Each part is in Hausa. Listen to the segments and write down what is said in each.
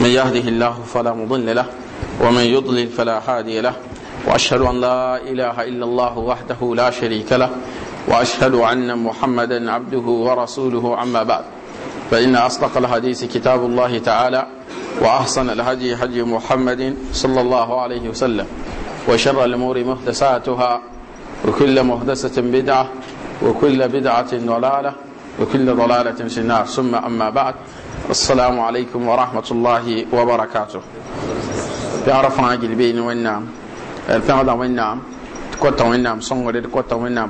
من يهده الله فلا مضل له ومن يضلل فلا هادي له واشهد ان لا اله الا الله وحده لا شريك له واشهد ان محمدا عبده ورسوله اما بعد فان اصدق الحديث كتاب الله تعالى واحسن الهدي هدي محمد صلى الله عليه وسلم وشر الامور محدثاتها وكل محدثه بدعه وكل بدعه ضلاله وكل ضلاله في النار ثم اما بعد assalamu alaikum wa rahmatullahi wa barakatuh piara fãa gil da ne wẽnnaam d pẽgda wẽnnaam d kota kota nina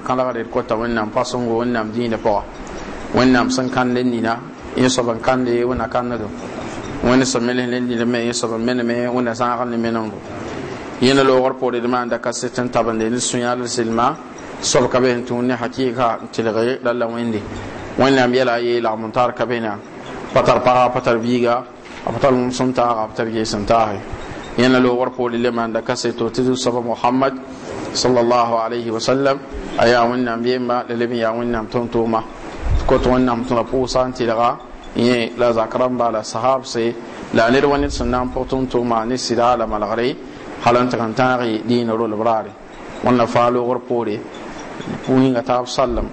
ka bes ka pa tar paa patar tar a patar tar ta a patar pa sun ta sẽn taage yẽna loogr poore le maanda kaseto tɩ tɩ soaba mohamad sallallahu alaihi wa sallam a yaa wẽnnaam yemba la leb n yaa ko to tʋʋma kot to tʋra pʋʋsa n tɩlga yẽ la zak rãmba la sahabse la ned wa ned sẽn na n pʋg tʋm-tʋʋma ne sida la malgre hal n tɩg n tãage na fa raare wẽnna faa loogr puni pũ ta taab sallem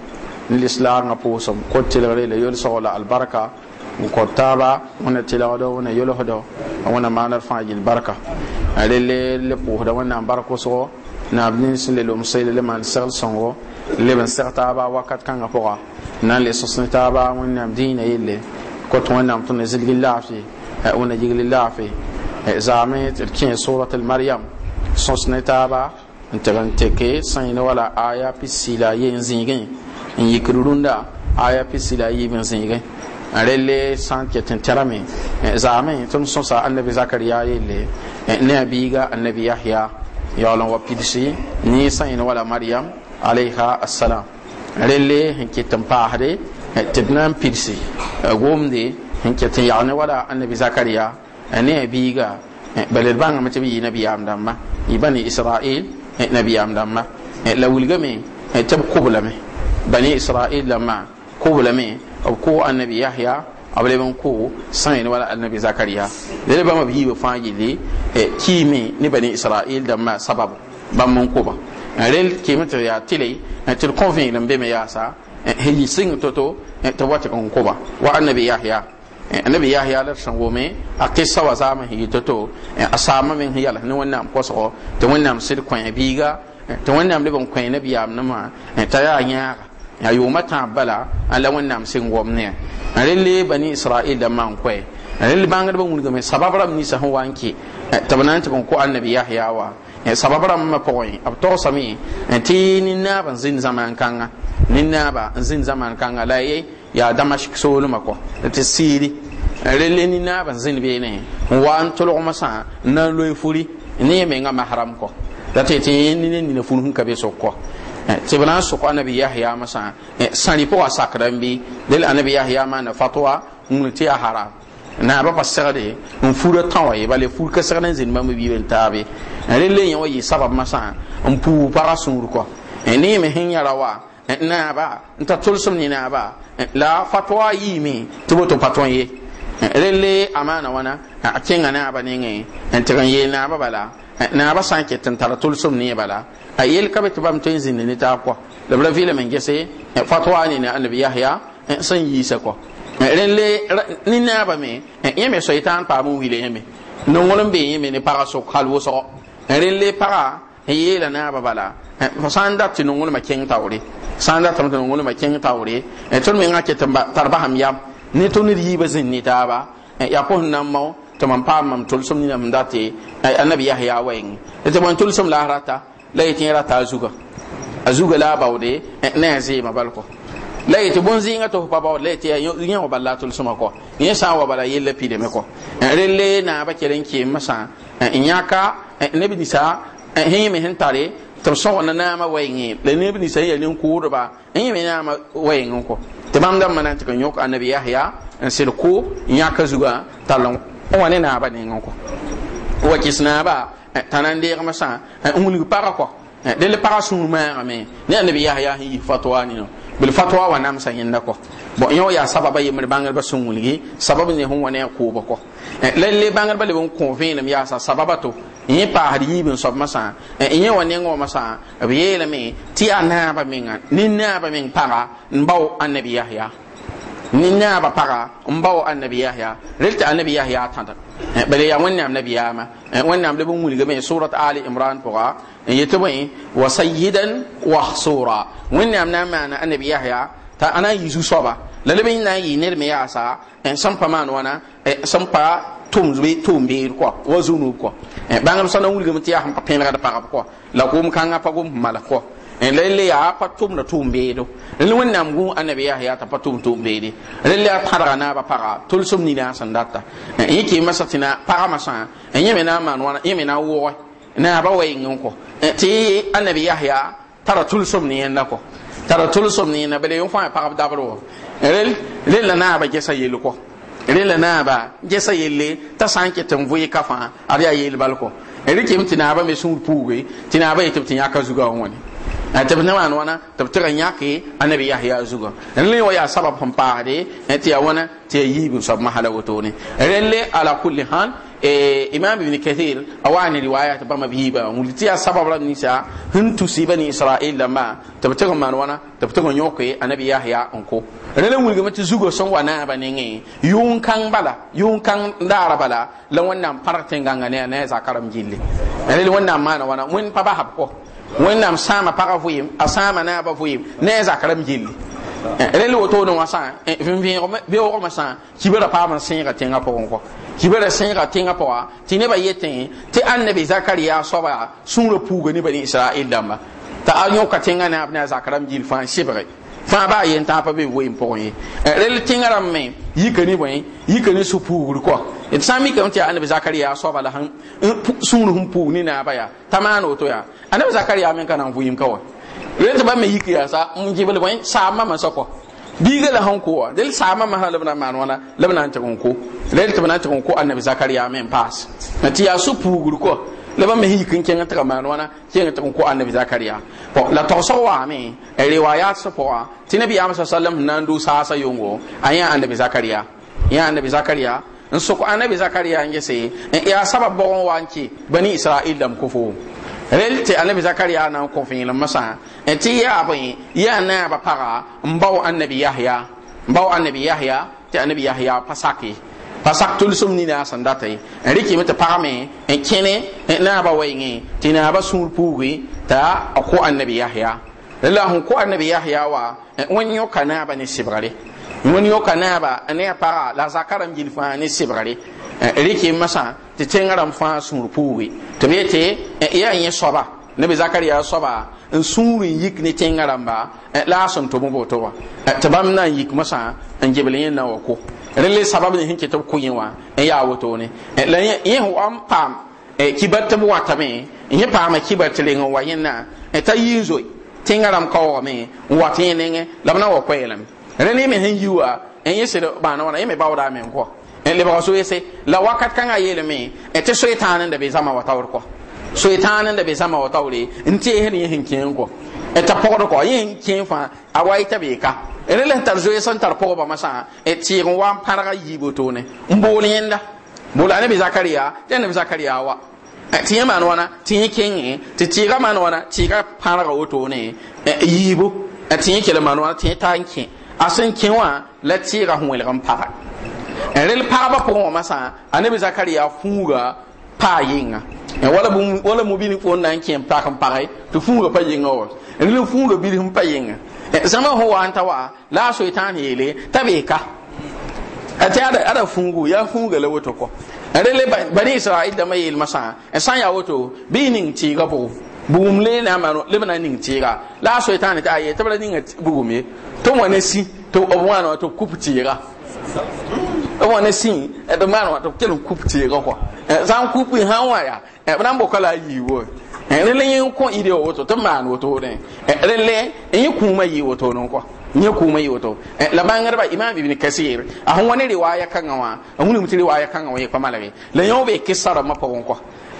ne lislaangã pʋʋsem ko tɩlgre le yol-sogo la albarka n kɔb taaba wẽnna tɩlgdo wẽnna yolsdo wẽnna maanr fãa yel barka rele le pʋʋsda wẽnnaam bark wʋsgo na b nins le lomsele le maan segl sõngo leb n seg taaba wakat kãngã pʋga na n le sõs ne taaba wẽnnaam dĩinã yelle kot wẽnnaam tɩ na zilgi laafɩ eh, wẽnna yigli laafɩ eh, zaame tɩ d kẽe surat lmaryam sõs ne taaba n tɩg n tɩke sẽn wala aya pisila yee n zĩigẽ n yikr rũndã aya pisila yiib n zĩigẽ relle san ketin terame eh, zame tun sun sa annabi zakariya eh, ne annabi yahya yawlan wa ni sayin wala maryam alaiha assalam relle ketin pahre tibnan eh, pidsi gomde yawne wala annabi zakariya ne balil banga mace bi nabi amdamma ibani isra'il nabi amdamma la wulgame tab bani isra'il lama ko annabi yahya abla ban ko san ne wala annabi zakariya dele ba mabi be fa gile kimi ni bani israil da ma sabab ban mun ko ba rel kimi to ya tile til convaincre nan be me ya sa e, heli sing toto e, ta wata kan ko ba wa annabi yahya e, annabi yahya la san wome a kissa wa mu yi toto a sama min hi yala ni wannan ko so to wannan sir kwan biga to wannan liban kwan nabi amna ma ta ya nyaara a yʋʋmã tãab bala ala la wẽnnaam sẽn gom ne a rel bani isra'il da man koɛ a rel bãngdbã wingame sabab rãmb ni sahu wanki, eh, tabanan kɩ tɩ ko na ya tɩ b ma kõ annabi yahya wa eh, sabab eh, ni pʋgẽ b togsame tɩ kanga. Ni zĩnd ba kãngã ninnaaba kanga zĩnd ya kãngã la ye yaa damask soolmã kɔ tɩ siiri rel ninnaabã n zĩnd beene n wa n tʋlgmsã n na n furi ni me nga mahram ko la tɩ ni nina nina fur ka be sok tɩ eh, b eh, na n sʋk anabi yahyamã sã sãri pʋgã sakra n bɩ del anabi yahya maana fatwa wing tɩ yaa haram naaba pa segde n fura tã Ba ye bala fur ka segd n zĩnd mame biib n taabe rẽ le yẽ wa yɩ masa. sã n puu pagã sũur kɔ eh, ne yẽ me sẽn yãra wa naaba n ta tʋlsem ne naaba la fatwa yiime tɩ boto pa tõe ye rẽ le amaana wãna a kẽnga naaba nengẽ n tɩg n yeel naaba bala na ba san ke n tara tʋlsem ne bala a yel ka be bam tin zin ne ta kɔ da bra vɩɩlame men gese fatwa ne na annabi yahya san yi sa kɔ rẽn le ni na ba me yẽ me soɩtãan paam n wile me no n be me ne para so sok wo so rẽn le para pagã la na ba bala fa san da tin dat ma nonglmã tawre san da n datame ma nonglmã tawre e tun me ngake tamba tar basam yam tun ri yi ba zin ni ta ba ya ko nan mao tɩ mam paam mam tʋlsem nina m dat annabi yahya wɛɛngẽ tɩ mam tʋlsem la rata la yetɩ yẽ rata a zuga a zuga la a baoode eh, ne a zɩɩma balkɔ la yetɩ bõn-zɩɩngã tɩ f pa baood la yetɩ eh, yẽ wa bala la a tʋlsema kɔ yẽ sã n wa bala yella pidame kɔ rel le naabã kell n keemmã sã n yãka neb ninsã sẽn yẽ me sẽn eh, tare tɩ b sõgna naamã wɛɛngẽ la neb ninsã n yaa nin-kʋʋdba n yẽ me naamã wɛɛngẽ kɔ tɩ bãmb dãmbã na n tɩ k n yõk annabi yahya n sɩd kʋʋb yãka zugã tall wa ne naaba ne ngako wa kis naaba eh, tanan de ma sa eh, umul para ko eh, de le para sun ma me ne annabi yahya hi fatwa ni no bil fatwa wa nam sa yinda ko bon yo ya sababa yimir bangal ba sun wulgi sababu ne hon wane ko ba ko lalle bangal ba le bon convain ya sa sababa to yẽ paasd yiibn soab masã n yi wa nengẽ wã masã b yeelame tɩ yaa naaba menga ni naaba meng para n bao a nabi yahya Ni ninnaabã paga n bao annabi yahya rel tɩ annabi yahya tãda eh, bala yaa wẽnnaam nabiyaamã eh, wẽnnaam leb n wilgame surat ali imran pʋga n eh, yetɩ bõe wa sayidan wahsura wẽnnaam na n maana annabi yahya t'a ana na n yi zu-soaba la leb na yi yɩɩ ned me yaasa sẽn pa maan wãna sẽn pa tʋʋm-beer kɔ wa zunub kɔ bãngd sã na n wilgame tɩ yaa sẽn da paga pagb kɔ la kom-kãngã pa gom mala kɔ lele ya pa tum na tum beedo lele wẽnnaam gũ annabi ya t'a pa tum tum beede lele a tãdga naaba paga tolsem nina a sẽn data yẽ kɩɩmã sã tɩ na pagmã sã yẽ me na n maan wãna yẽ me na n wʋgɛ naaba wa yĩng n kɔ tɩ annabi yahya tara tolsem ne yẽnda kɔ tara tolsem ne yẽnda bala yẽ fãa pagb dabr wa rel la naaba gesa yel kɔ rela naaba gesa yelle t'a sã n ket n vɩɩka fãa ad yaa yeel bal kɔ rɩ kɩm tɩ naaba me sũur puuge tɩ naaba yetɩ b tɩ yãka zugã wã Eh, tɩ b ne maan wãna tɩ b tɩg n yãke a neb yahya zugã rẽl wa yaa sabab sẽn paasde eh, tɩ yaa wãna tɩ yaa yiib n soab masala wotone ne ala kulli hal eh, imam ibn kathir a waa ne riwaya tɩ bãmb b yiibã wilg tɩ yaa sabab rãmb ninsã sẽn tusi bani israel dãmbã tɩ b tɩg n maan wãna tɩ b a neb yahya n ko rẽl n wilgame tɩ zugã sẽn wa naabã nengẽ yʋʋn-kãng bala yʋʋn kan daara bala la wannan pãrg ganga ne a ne a zakã rãmb gilli rẽl ma maana wãna mun pa ba kɔ wẽnnaam sãama pagã vɩɩm a sãama naaba vɩɩm ne a zak rame gilli rel wotone wã sã veoogmã sã kibra paam n sẽega tẽngã pʋgẽ kɔ kibra sẽega tẽngã pʋga tɩ nebã yetẽ tɩ annabi zakariya soaba sũurã puuga ne israel dãmba eh, t'a yõka tẽngã naab ne a zak rame gill fãa sɩbge fãa baa yen tãapã be voɩɩm pʋgẽ ye rel tẽngã rãmbme yika ne bõe yika ne sũ-puugr kɔ d sã n mikame tɩ annabi zakariya soaba la sũur sẽn puug ne naaba yaa t'a maan woto yaa ana zakari ya min kana vuyim kawa yenta ba me hikiya sa mun jibal boy sama ma sako biga la hanko wa del sama ma halabna man wala labna ta ko dal tabana bana ko annabi zakari ya min pass na tiya su pugur ko laba me kin kin ta man wala kin ta ko annabi zakariya po la to so wa me e riwayat su po tinabi ya sallam nan du sa sa yongo aya annabi zakariya ya annabi zakariya in su ko annabi zakariya ngese e ya sabab bon wanki bani isra'il dam kufo rel tɩ zakari zakariya e na n kõ fẽelem masã tɩ yaa bõe yaa naaba paga n bao annabi yahya n bao annabi yahya tɩ annabi yahya pa sake e pa sak tʋlsem nina sẽn data n rɩkɩme tɩ pagame n kẽne naaba wɛɩngẽ tɩ naaba sũur puuge t'a a annabi yahya la sẽn ko annabi yahya wa e wẽn yõka naaba ne sɩbgre wani yoka naaba ne fara la zakaram jin fa ne sibrare eh, rike masa ti tengaram fa sun puwe to bete eh, ya yin soba nabi zakariya soba in sũurin yik ne tẽngã ba. Eh, la sun to mu boto wa ta tɩ bãmb yik masa an jibilin yin nawo ko rẽ le sabab ne sẽn ket b ya wato ne la yin hu am pam n paam kibar tɩ b watame yẽ paama kibar tɩ reng n wa yẽnna t'a yin zo tẽngã rãmb kawo me wat yẽ ne labna b na wa koɛɛlame rẽnd me sẽn yiwa n yẽsd bãana wãna yẽ baooda a n kɔ n lebga soese la wakat kãngã yeelme tɩ soɩtãan n da be zãma wa taoor kɔ soɩtãan n da be zãma wa taoore n teesd yẽ sẽn kẽ n t'a pɔgd kɔ yẽ sẽn fãa a wa y t'a tar n tar tɩɩg n wa n pãrga n bool yẽnda boola ne be zakariya tɩ ne be zakariya wa tɩ yẽ maan wãna tɩ yẽ kẽngẽ tɩ tɩɩga maan wãna tɩɩga pãrga yiibo tɩ yẽ kell maan wãna tɩ yẽ n kẽ a sẽn kẽ wã la tɩɩga sẽn welg n paga rel pagba pʋgẽ wã masã a nebi zakariya fũuga paa yɩnga wala mobini pʋgẽ na n kẽ n pag n pagẽ tɩ fũuga pa yɩnga wa rel fũuga bilf n pa yɩnga zãma sẽn wa n la a soɩtãan yeele t'a beeka e ada fungu, 'Ya fũuga la woto kɔ rel bani israɩl dãmbã yeelmasã masa sã e san ya woto bɩ ning tɩɩga pʋgẽ bugum le na ma le na ning tira la so ta ta ye tabra ning bugum ye to mo ne si to o mo na to kup tira o mo ne si e be ma to ken kup tira ko e, zan kup ha wa ya e na mbo kala yi wo e le yin ko ide o to to ma no to ne e le e yin ku ma yi wo to no ko nye kuma yi wato e, la bangar imam ibn kasir a hon wani riwaya kan wa a hon mutu riwaya kan wa ya pamalawe la yau be kisara mapa won ko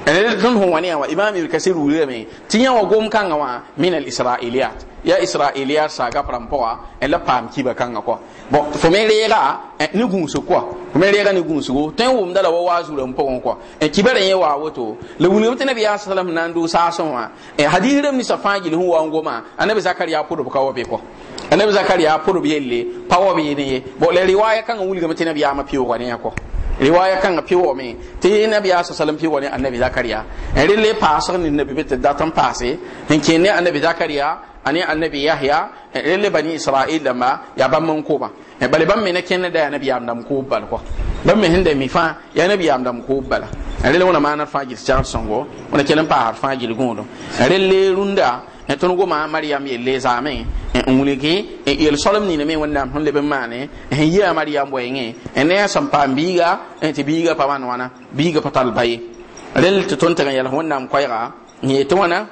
tõnd sẽn wa ne wã imam ibn kasir wilgame tɩ yã wa gom kãngã wã min al israiliyat yaa israiliyat saaga pa rãm pʋga n la paam kiba kãngã kɔ bõ fo me reega eh, ne gũusg kɔ fo me reega ne gũusgo tõe n wʋmda la wa waa zurã pʋgẽ kɔ n eh, kibã rẽ yẽ waa woto la wilgame tɩ nabiyaa salam na n dʋʋg saasẽ wã hadiis rãmb ninsã fãa gil sẽn wa eh, n goma anabi zakariya pʋdb ka wa be kɔ anabi zakariya pʋdb yelle pa wa be ne ye bõ la riwaaya kãngã wilgame tɩ nabiyaamã piʋʋga ne yã kɔ riwaya kanga pi mai Ta yi nabi ya sallam pi wo ne annabi zakariya en le paasar na nabi da datan paase en ke ne annabi zakariya ne annabi yahya en le bani israil ma ya ban man ko ba en ban me ne kenan da annabi am dam ko bal ko ban mai hinda mi fa ya nabi ya dam ko bala en le wani mana fa gis char songo wani ken pa har fa gil gondo en le runda Eh, eh, ne tõnd goma mariyam yelle zaame n wilgi n yel solem nina me wẽnnaam sẽn leb n maane n eh, yɩa wɛɛngẽ ne a sẽn paam biiga tɩ biiga pa maan wãna biiga pa tall pa rel tɩ tõnd tɩg n yɛls wẽnnaam koɛɛga n yee wãna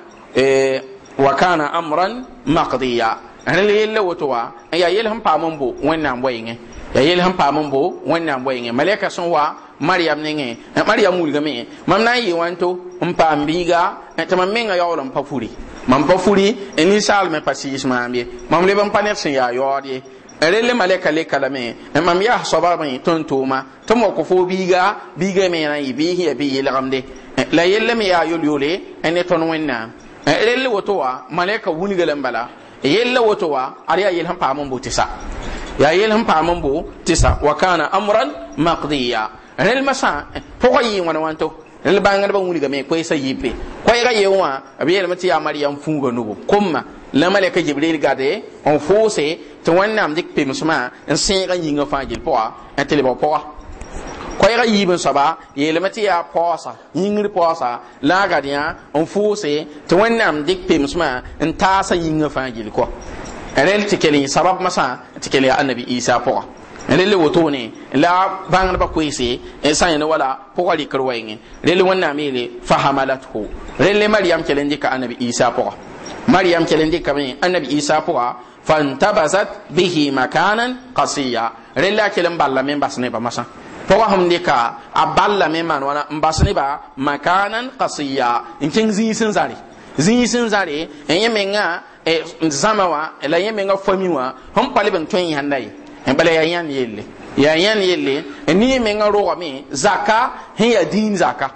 wa kana amran maqdiya rẽl yella woto wa n yaa yel sẽn paam n bo wẽnnaam wɛɛngẽ ya yel sẽn paam n bo wẽnnaam wɛɛngẽ malɛka sẽn wa mariyam nengẽ mariyam wilgame mam na n yɩɩ wãn to n paam biiga tɩ mam menga yaool n pa furi mam pa furi n ninsaal me pa siis maam ye mam leb n pa neb sẽn yaa yaood ye rel malɛka lekalame n e mam yaa soaba me tõnd tʋʋma tɩ m wa kʋ fo biiga biiga me na n yɩ bɩɩs yaa bɩ yɩlgemde la yell me yaa yol-yole e ne tõnd wẽnnaam rel woto wa malɛka wilga la n bala yella woto wa ad yaa yel sẽn paam n bo tɩ sa yaa yel sẽn paam n bo tɩ sa wa kaana amran maqdiya rel masã ban e yɩɩ wãna wãn to rel bãngdbã yi koeesa yibe. pɛɛga yeo wã b yeelame tɩ yaa mariyam fũuga nugo komma la malɛka jibril gade n fʋʋse tɩ wẽnnaam dɩk pemsmã n sẽega yĩngã fãa gil pʋga n tɩ lebg pʋga koɛɛga yiib n soaba yeelame tɩ yaa paoosa yĩngr paoosa la a gad yã n fʋʋse tɩ wẽnnaam dɩk pemsmã n taasa yĩngã fãa gil kɔ rel tɩ kell sabab masã tɩ kell yaa annabi isa pʋga rel ne la bãngdbã ba sã e yẽnd wala ne, rɩkr wa yẽ rel wẽnnaam yeele fa hamalathu rel le mariyam kell n anabi isa pʋga Maryam kell ka dɩkame anabi isa pʋga Fantabazat bihi makanan qasiya rel la a balla men basne ba masa, masã pʋgã sẽm ka a balla man n basne ba makanan qasiya in kin zin n zare zin n zare en yẽ menga e zãma e la yẽ menga fami wã sẽn pa leb n bala ya yan yelle ya yan yelle ni me ngaro wa mi zaka hin ya din zaka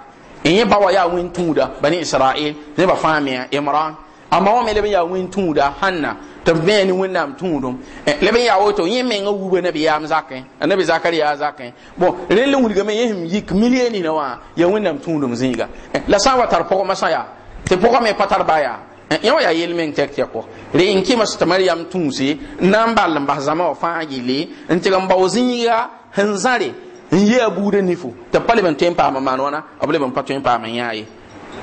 in e ye bawa ya win tuda bani isra'il ne ba fami imran amma wa me le ya win tuda hanna to be ni win nam tudum e, le ya woto yin me ngawu Nabi na bi ya zaka na bi ya zaka bo rele wul ga me yim yik milieni na wa ya win nam tudum zinga e, la sawa tar masaya te me patar baya Eh, yẽ wa yaa yel meng tɛk tɛkɔ re n kɩma sẽn tɩ mariyam tũuse n na n ball n bas zãma wã fãa gilli n tɩg n bao zĩiga sẽn zãre n yɩa buudã nifo tɩ pa leb n tõe n paam n maan wãna b leb n pa tõe n paam n yãa ye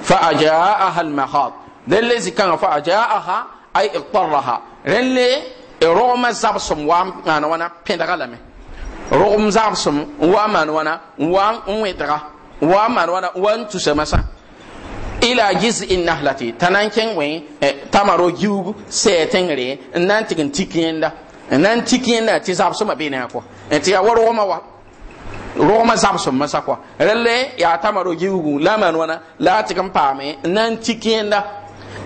fa ajaaha almahat dẽn le zĩ-kãngã fa ajaaha ay iqtaraha rẽn le rogmã zabsem wa n maan wãna pẽdga lame rogm zabsem n wa n maan wãna n wa n wẽdga n wa n maan wãna n wa n tusame sã ila jiz'in nahlati tanan ken we eh, tamaro giugu setengre nan tigin tikienda nan tikienda ti zabsuma bene ko eh, ti ya woro ma wa roma zabsum masa ko relle ya tamaro giugu laman wana la tigin pame nan tikienda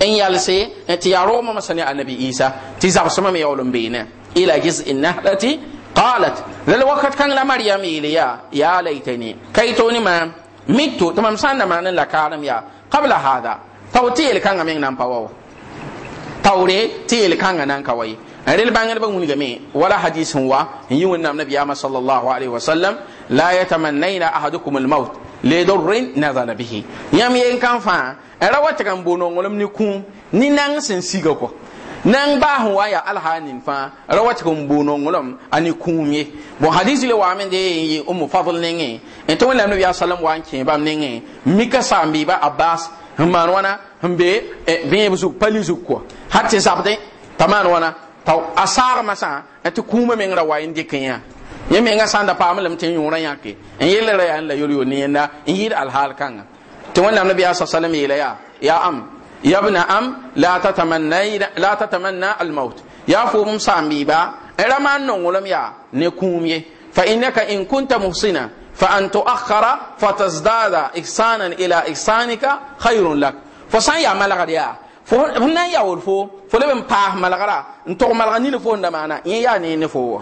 en yalse eh, ti ya roma masani annabi isa ti zabsuma me yawlum bene ila jiz'in nahlati قالت ذل وقت كان لمريم إليا يا ليتني كيتوني ما ميتو تمام سنة ما نلا كارم يا qabla hada taw teel kanga meng nan pawo nan kawai rel bangal ba mun game wala hadis wa yi wannan nabi ya sallallahu alaihi wasallam la yatamannaina ahadukum al-maut le dorrin bihi yam yen kan fa kan bono ngolum ni kun ni nan siga ko nan ba hu waya alhanin fa rawati kun bono ngulum ani kumye bo hadisi le wa men de yi ummu fadl ninge en to wala nabi sallam wa anke bam ninge mika sambi ba abbas man wana mbe be eh, busu pali ko hatte sabde taman wana taw asar masa et kuma men rawa indi kenya ye men ga sanda pamlam tin yura yake en yele ra an la yoro yo ni na yir alhal kan to wala nabi sallam yele ya ya am يا ابن أم لا تتمنى لا تتمنى الموت يا فوم سامبيبا أنو لم يا نكومي فإنك إن كنت محسنا فأن تؤخر فتزداد إحسانا إلى إحسانك خير لك فسان يا ملغر فهنا يا ولفو فلبن باه ملغرا انتو ملغني لفو ندمانا يا ني نفو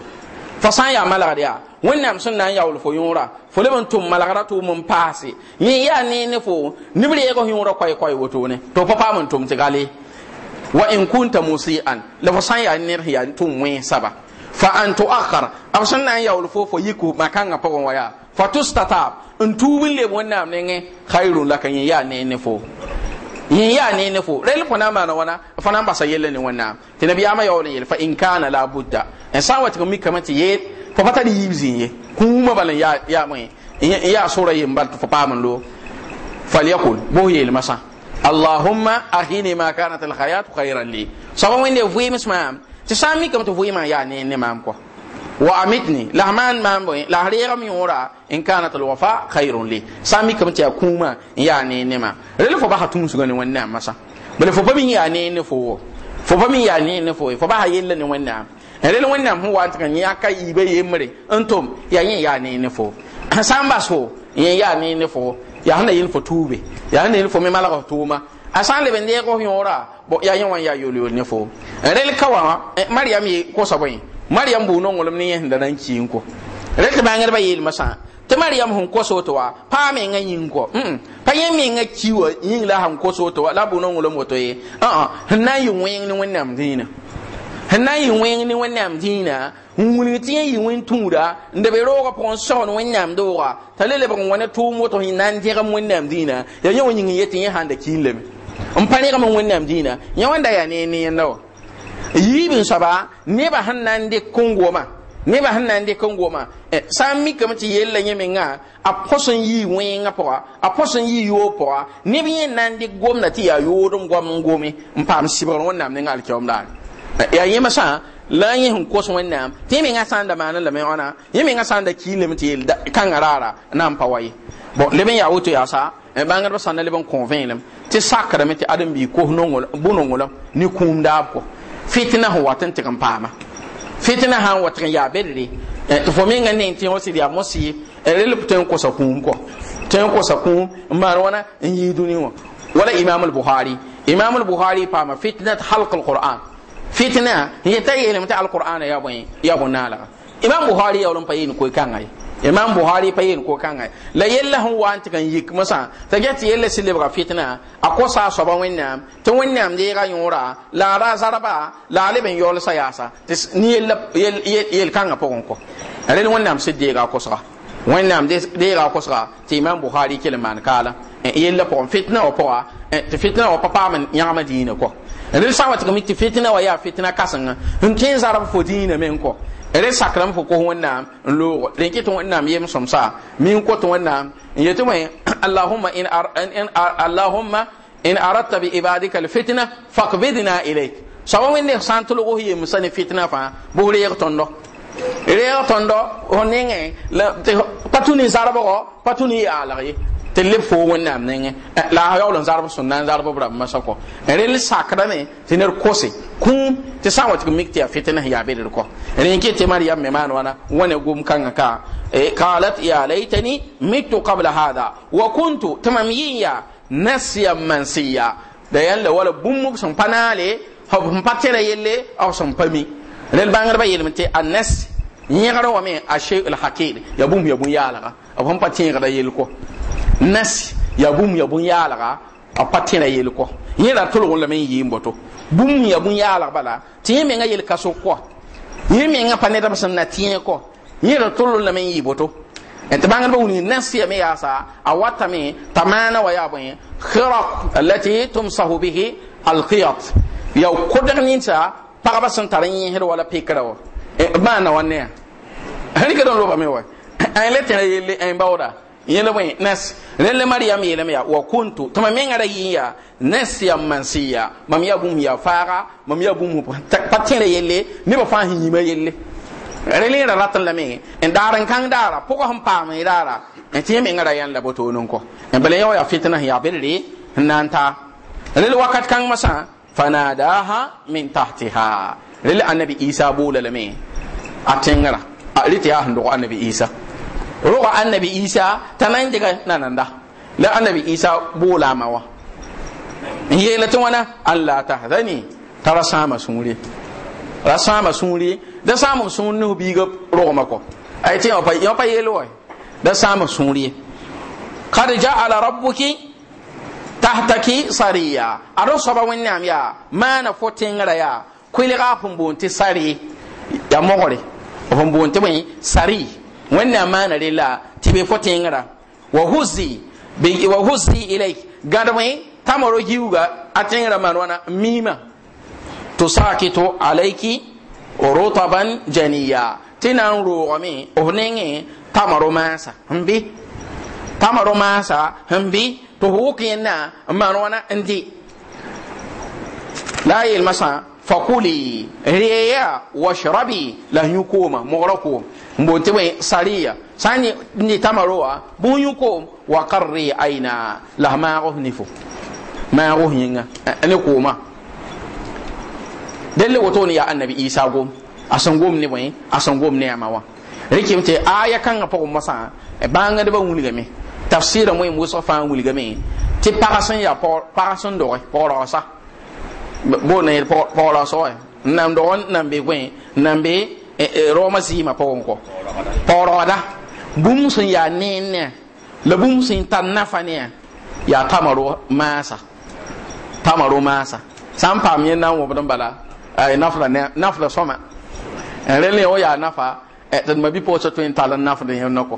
fasan ya n wannan malgd yaa ya sẽn na n yaool fo yõora fo le n tʋm malgra tʋʋm n paase yẽ yaa ne ne fo ye reegf yõora koɛɛ-koɛɛ wotone tɩ fo paam mun tʋm tɩ wa in kunta musian la fasan ya ni ya tum sẽn saba fa an tu akhar am na ya yaool fo fo yiku makãngã pʋgẽ wã fa tustatab n tuub n leb wẽnnaam ne khairun laka ya yaa ne ne fo yin ya ne ne fo rel fo na ma na wana fo na ba sa yelle ne wana ti nabi ama ya wala yele fa in kana la budda en sa wati ko mi kamati ye fo fata di yimzi ye kuma balan ya ya mai ya sura ye mbal fo pa man lo falyakul bo yel masa allahumma ahini ma kanat al hayat khayran li sa sawa wende vuyi misma ti sa mi to vuy ma ya ne ne am ko wa amitni la man boy la hariya mi wora in kanat al wafa khairun li sami kam ta kuma ya ne ne ma rele fo ba hatum su gani wannan masa bele fo ba mi ya ne ne fo fo ba mi ya ne ne fo fo ba ha ne wannan rele wannan hu wa tan ya kai ibe yemre antum ya yin ya ne ne fo samba so yin ya ne ne fo ya hana yin fo tube ya hana yin fo me malaka tuma asan le bende ko yora bo ya yin wan ya ne fo rele kawa mariam yi ko sabai maryam buunõ wʋlm ne yẽsẽnda na n kiin kɔ rẽ tɩ bãngdbã yeelmã sã mariam sẽn kos woto wa paa menga pa yẽ menga ki wa yĩng la sẽn kos woto wa la bũna wʋlm woto ye ãã uh-uh. na n yɩ wẽng ne wẽnnaam na yi yɩ ne wẽnnaam dĩinã n wilg tɩ yi yɩ wẽn-tũuda be deb roogã pʋgẽ segd nam dooga t'a le lebg n wa woto sẽn na n dẽgem wẽnnaam dĩinã yaa yẽ wa yĩng n yetɩ yẽ sãn da kiin lame n pa rẽgem n wẽnnaam dĩinã da ne ne wa yibin soaba neba sẽn na n dɩk kẽng woma neba sẽn na n dɩk kẽng woma e, San mi mikame tɩ yella yẽ menga a poson yi yɩɩ wẽngã pʋga a poson yi yɩɩ yoog Ne bi yẽ na n dɩk ya tɩ yaa yoodem goam n gome n paam sɩbgr wẽnnaam ning alkɛoom laare ya yẽma sã la yẽ sẽn kos wẽnnaam tɩ yẽ menga sã san da maana lame wãna yẽ menga sã san da kiilem tɩ yel arara raara na n pa wa ya wuto ya sa yaa e, bangar yaasa bãngdb sãnda leb n kõ vẽelem tɩ sakrame bi adem-biig kos bonongo la Ni kum daab kɔ fitna ho watan tikan paama fitna han watan ya bedri eh, to fo min ngane tin hosi dia mosi eh, rel puten ko sa kun ko ten ko sa kun mar wana in yi duniya wala imam al-bukhari imam al-bukhari paama fitnat halq al-quran fitna hiya tayyele mata al-quran ya boy ya bonala imam bukhari ya ulun payin ko kangai imam buhari pa yin ko kanga la yella hon wan tikan yik masa ta get yella silibra fitna a ko sa so ba wennam to am de ga yura la ra zaraba la le ben yol sayasa tis ni yalla yel kanga po ko ale am sidde ga ko sa am de de ga ko ti imam buhari kelman kala e yalla po fitna o po e ti fitna o papa man yama madina ko ale e sa wat ko mi ti fitna wa ya fitna kasanga hun kin zaraba fo men ko re sakram fo ko wẽnnaam n loog rẽn kɩ tɩ wẽnnaam yem sõmsa min kot wẽnnaam n yetɩ wẽ allahuma allahumma in aradta bi ibadika alfitna faqbidna ilayk sawa wẽn ne sã n tolg f yemsa ne fitna fãa bf reeg tõndo reeg tõndo f nengẽ tɩ pa tũ ninsarbgɔ pa tũ ni yaalg ye tɩ leb fo wẽnnaam nengẽ la a yaool n zarb sẽn na n zarb b rab masã kɔ rel sakrame tɩ ned kose kũum tɩ sã n wa tɩg mik tɩ yaa fɩtɩnã sẽn yaa be d kɔ rẽn ket tɩ mariyam me maan wãna wa ne gom kãngã ka qalat ya laitani mitu qabla hada wa kuntu tɩ mam yɩ n yaa nasiya mansiya da yãl la wala bũmb sẽn pa naale b n pa tẽra yelle b sẽn pa mi rel bãngdbã yelm tɩ a nas yẽgrã wame a shey lhakɩd ya bũmb ya bũn-yaalga b sẽn pa tẽegda yel kɔ nasi ya bum ya bun yaalga a pa tẽra yel kɔ yẽ ra tolg lame boto ya bũmb yaalg bala tɩ yẽ yel kasok kɔ yẽ menga pa nedb na tẽe kɔ yẽ ra tolg lame n yɩɩ boto tɩ bãngdbã wilgi nãsɩyame yaasa a watame tamaana wa yaa bõe khiraq allati tumsahu bihi alqiyat wala pekra wa yẽl bõe nas rẽl mariam yeelame yaa wa kuntu tɩ mam mengã ra yĩn yaa nes yam mansiya mam yaa bũmb ya faaga mam yaa bũmb pa tẽra yelle nebã fãa sẽn yĩma yelle rẽleerã rat n lame n daar n kãng daara pʋgã sẽn paam y daara tɩ yẽ mengã ra yãn la botoon n kɔ bala yã wa yaa fɩtnã sẽn yaa bedre n na n taa rẽl wakat kãngmã sã fanadaha min tahtiha rẽl anabi isa boola lame a tẽngrã rɩ tɩ yaa sẽn dog anabi isa roga annabi isa ta nan nan da la annabi isa bola mawa yi la tun wana allah ta zani ta rasama sunre rasama sunre da samun sunnu bi ga roga mako ai ce pa fayi pa yelo ai da samun sunre ja ala rabbuki tahtaki sariya aro soba wani ya mana fotin ya kuli ga fumbunti sari ya mohore fumbunti mai sari wẽnnaam maana re ti tɩ be fo tẽngrã wa huzi wa huzi ilayk gãdbẽ tamaro ro hiuga a tẽngrã maan wãna n miima tusakitu alayki rutaban janiya tɩ na n janiya. f nengẽ tãma ro maasa n be tãma ro maasa n be tɩ f wʋk yẽnna n maan wãna n la a fakuli reeya washrabi la yũ koma, mogra mbo te we sariya sani ni tamaroa bunyu ko wa qarri aina la ma ghnifu ma ghninga eh, ne kuma ma dalle wato ni ya annabi isa gom asan gom ne bai asan gom ne amawa rike te aya kan ga pokon masa eh, banga de ba wuliga me tafsira moy musa fa wuliga me ti parason ya parason do porosa bo ne porosa nam do nam be gwen nam be Eh, eh, roma sɩɩmã pa wʋm kɔ paoorgda bũmb sẽn ya neen eh, ne la bũmb sẽn tar nafa ne ya tamaro masa, tamaro masa, san n paam nan na bala, ay nafla bala nafla sõma rel yã wã yaa nafa e tan ma bi pʋʋsa tõe talan nafla n nafd kɔ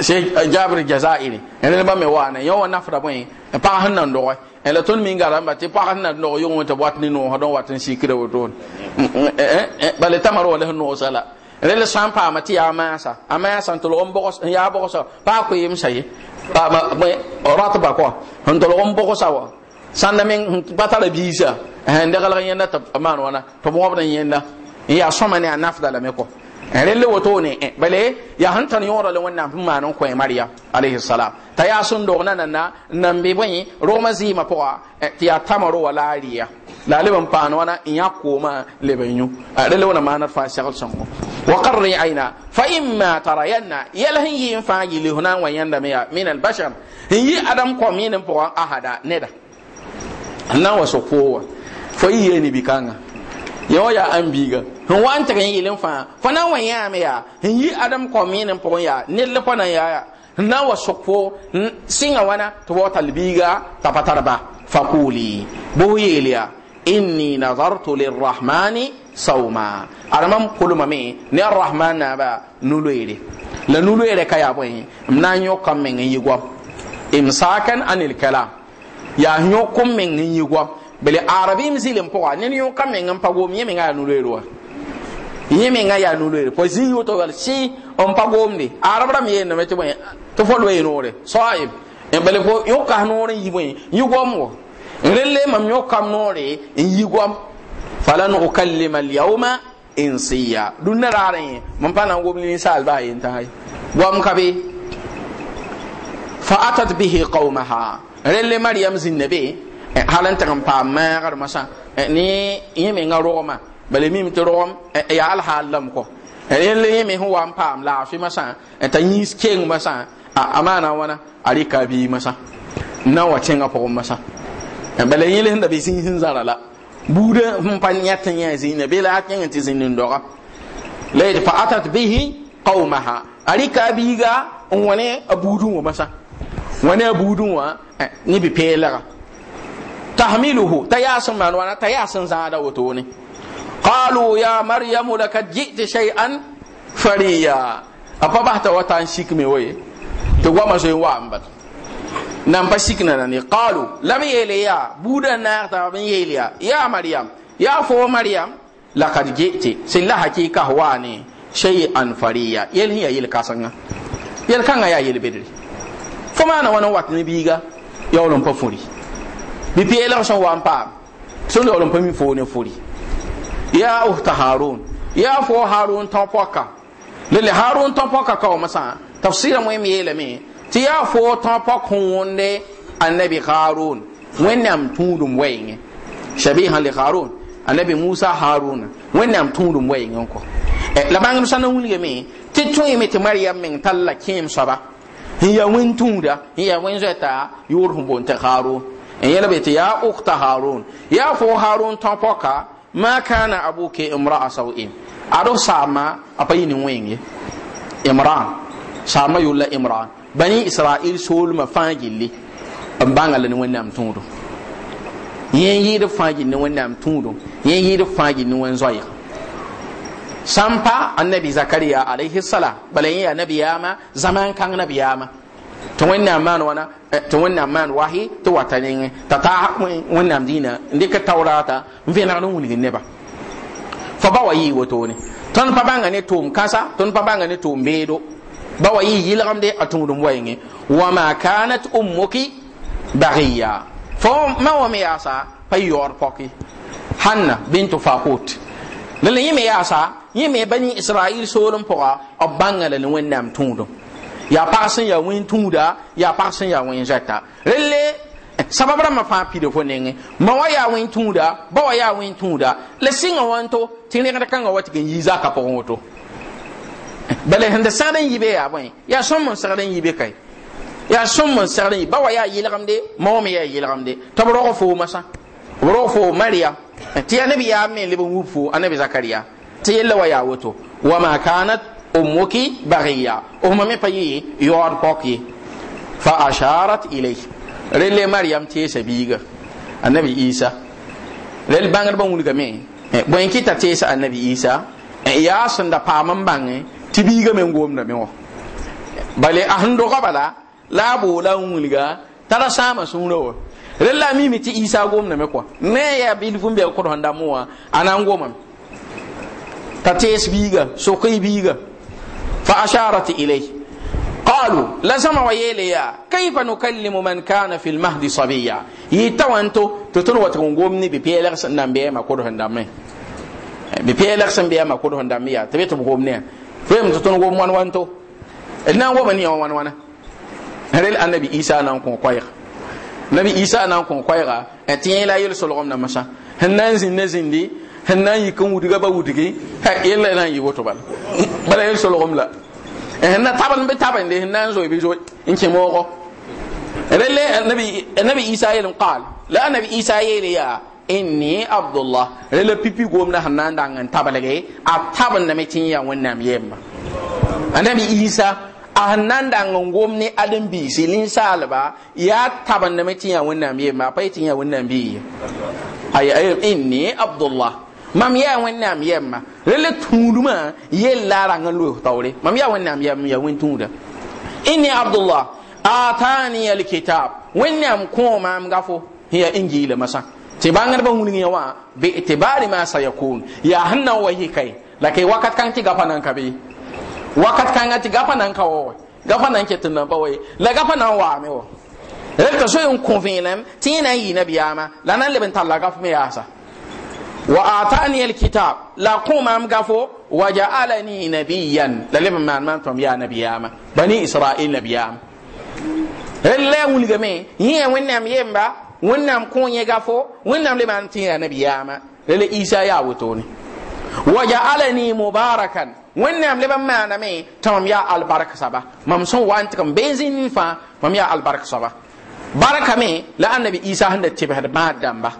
sai eh, jabir jazairi ene ba me wana yo wa nafra bwen pa hanna ndo ela eh, ton mi ngara ba ti pa hanna ndo yo won ta watni no hodon watin sikira woton mm, mm, eh eh bale tamaro wala no sala rel san pa mati amasa amasa to lo mbo ya bo so pa ko yim sayi pa ma me rat ba ko hon to lo mbo ko sawa San na min batala bisa eh ndagala yenda ta man wana to mo ba yenda ya soma ne anafda la me ko rẽl woto ne bale ya sẽn tar yõora la wẽnnaam sẽn maan n kõe maryam alaihisalam t'a yaa sẽn dog nanana n nan be bõe rogmã zɩɩmã pʋga tɩ yaa tama roa la a rɩɩya la a leb n paan wãna n yãk koomã leb n yũ rẽl wẽna tarayana d fãa segl sõngo وقر عينا فإما ترين يلهن يين فان يلهنا وين من البشر هي أدم قومين بوا أحدا ندا نا yo ya an biga hin wa antaka yin ilin fa fa na wa ya yi adam kõmɩɩn n pʋgẽ ya ne le nan ya ya na wa sok singa wana to wa talbiga t'a pa tar ba fakuuli bos yeel yaa inni nazartu lirrahmani sauma kuluma me ne arrahman naaba nuloeere la nuloeere ka yaa bõe na nyo kam n meng n imsakan anil kalam ya nyo kum meng n yɩ bele arabi mi zilim po ne ni ka me ngam pago mi me nga nu le ruwa yi me nga ya nu le po zi yo to wal si on pago mi arabra mi en me to bo to fo lo en ore saib en bele ko yo ka no re yi bo yi go mo rele mam yo kam no re yi go falan ukallima al yawma insiya dun na rare mun pana go mi sal ba yin tai go am ka be fa atat bihi qaumaha rele maryam zinnabi hal n tɩg n paam maagdmã sã ne yẽ menga rogmã mi mi tɩ ya yaa alhaal lame kɔ rẽl yẽ me sẽn wa n paam laafɩmã sã t'a yi skeng masa a maana wãna a bi masa biimã sã n na n wa kẽngã pʋgẽ masã bala yi le sẽn da sin zĩig zara la bude hun hm, pa yãt tan ya zin ne la a ti zin zĩnd n dɔga fa atat bihi qaumaha a rɩka a biiga n wa masa a abudun wa eh, ni a buudẽ tahmiluhu ta ya sun man wana buda na ya ya maryam maryam lakad ji'ti sin biga bipeelg sẽn wa n paam sẽn yaool n pa mi foone fori yaa ohta harun yaa fo harun tõg pɔka lele harun tõg pɔka kaoomã sã tafsɩrã wẽm yeelame tɩ yaa fo tõg pɔk sẽn wõnde annabi harun wẽnnaam tũudum wɛɩngẽ shabihan li harun annabi musa haruna wẽnnaam tũudum wɛɩngẽ n kɔ e, la bãngem sã na wilgame tɩ tõeme tɩ mariyam meng tall la kẽem soaba n ya wẽn tũuda n ya wẽn zoɛta yʋʋr sẽn boon tɩ harun in yẽl be ya yaa ukta harun ya fo harun ta Foka. ma kana abuke imra'a sawin ado saama a pa yɩ ne wẽng ye imran yi yolla imran bani israil soolmã fãa gilli n banga la ne wẽnnaam tũudu yẽn yɩɩd fãa gill ni wẽnnaam tũudu yẽn yɩɩd fãa gill ne wẽn zoɛɛga sãn pa annabi zakariya alayhi salam bala yẽ yama zaman kan kãng yama tɩ man wana wãna tɩ wẽnnaam maan wasɩ tɩ wa ta nengẽ t'a taa dina inde ka taurata taoraata n vẽnegd n ne ba fa ba wa wato ne ton pa banga ne to kãsa ton pa banga ne to beedo ba wa yɩɩ yɩlgemde a wayenge wa ma wama kanat ummuki bagiya fo ma wa me yaasa pa yor poki? hanna bintu faqut lalle la yẽ me me bani israil solum n pʋga b bãnga la ne ya pag ya wen tũuda ya pag ya wen jata relle sababu rãmbã fãa pide fo nenge ma wa ya wen tũuda ba wa ya wen tũuda le singa wã n to kanga wati gen wa tɩ n yɩ zakã pʋgẽ woto bala sẽn da yibe ya yɩ ya yaa bõe yaa sõm n segd n yɩ ba wa yi yɩlgemde ma wa ya yaa yɩlgemde tɩ b rog foomã b fo maria tiya nabi ya me leb fo anabi neb zakariya tɩ yella wa yaa woto wama kanat ummuki baghiya ohma me payi yor pokki fa asharat ilay rele maryam tesa biga annabi isa rel bangar ban wulga me boyin kita tesa annabi isa ya sun da paman bange tibiga men gomna me wo bale ahndo ko bala labo la wulga tara sama sunro wo rela mi mi ti isa gomna me ko ne ya bil fumbe ko handa goma ta tes biga so kai فأشارت إليه قالوا لازم ويلي كيف نكلم من كان في المهد صبيا يتوانتو تتنو وتنغومني ببيلغ سندام بيه ما كره هندامي ببيلغ سن بيه ما كوره هندامي يا تبي تقومني فهم تتنو غوم وان وانتو إننا ومني وان وانا هل النبي إيسى نانكم قويغ النبي إيسى نانكم قويغ أتين لا يلسل غمنا مسا هنان زين دي sẽn na n yik n wudga ba wudge yell na n yɩ woto bala bala yel solgem la sẽn na tabn bɩ tabende sẽn na n zoe bɩ zoe n kẽ moogo rele annabi isa yelm qaal la annabi isa yeele yaa inni abdullah rela pipi gomda sẽn na n dang n tablge a tabendame tɩ n yaa wẽnnaam yemba annabi isa a sẽn na n dang n gom ne adem-biisi linsaalba yaa tabendame tɩ n yaa wẽnnaam yemba a pa ye tɩ n yaa wẽnnaam biiye inni abdullah mam ya wẽnnaam yɛmma rela tũudmã yella a rãng n loes taoore mam ya wẽnnaam yɛm ya wẽn tũuda inni abdullah atani alkitab wẽnnaam kõo maam gafo ya ingiila masã tɩ bãngdbã wilg yã wã bɩtibaari ma sayakun yaa sẽn na kai wa yɩkae la kay wakat kãng tɩ gafã nan ka be wakat kãngã tɩ gafã nan ka wa wa nan ket n nan pa wa la gafã nan waame wa rel ka soe n kõ vẽelem tɩ yẽ na n yɩ nabiyaamã la na n leb n tall gaf me yaasa wa atani alkitab la qumam gafo wa ja'alani nabiyyan la lem man man tom ya nabiyama bani isra'il nabiyama elle wulga me yiya wennam yemba wennam kunye gafo wennam le man tiya nabiyama lele isa ya wotoni wa ja'alani mubarakan wennam le ban mana me tom ya albaraka saba mam son want kam bezin fa mam ya albaraka saba baraka me la annabi isa handa tibhad ma damba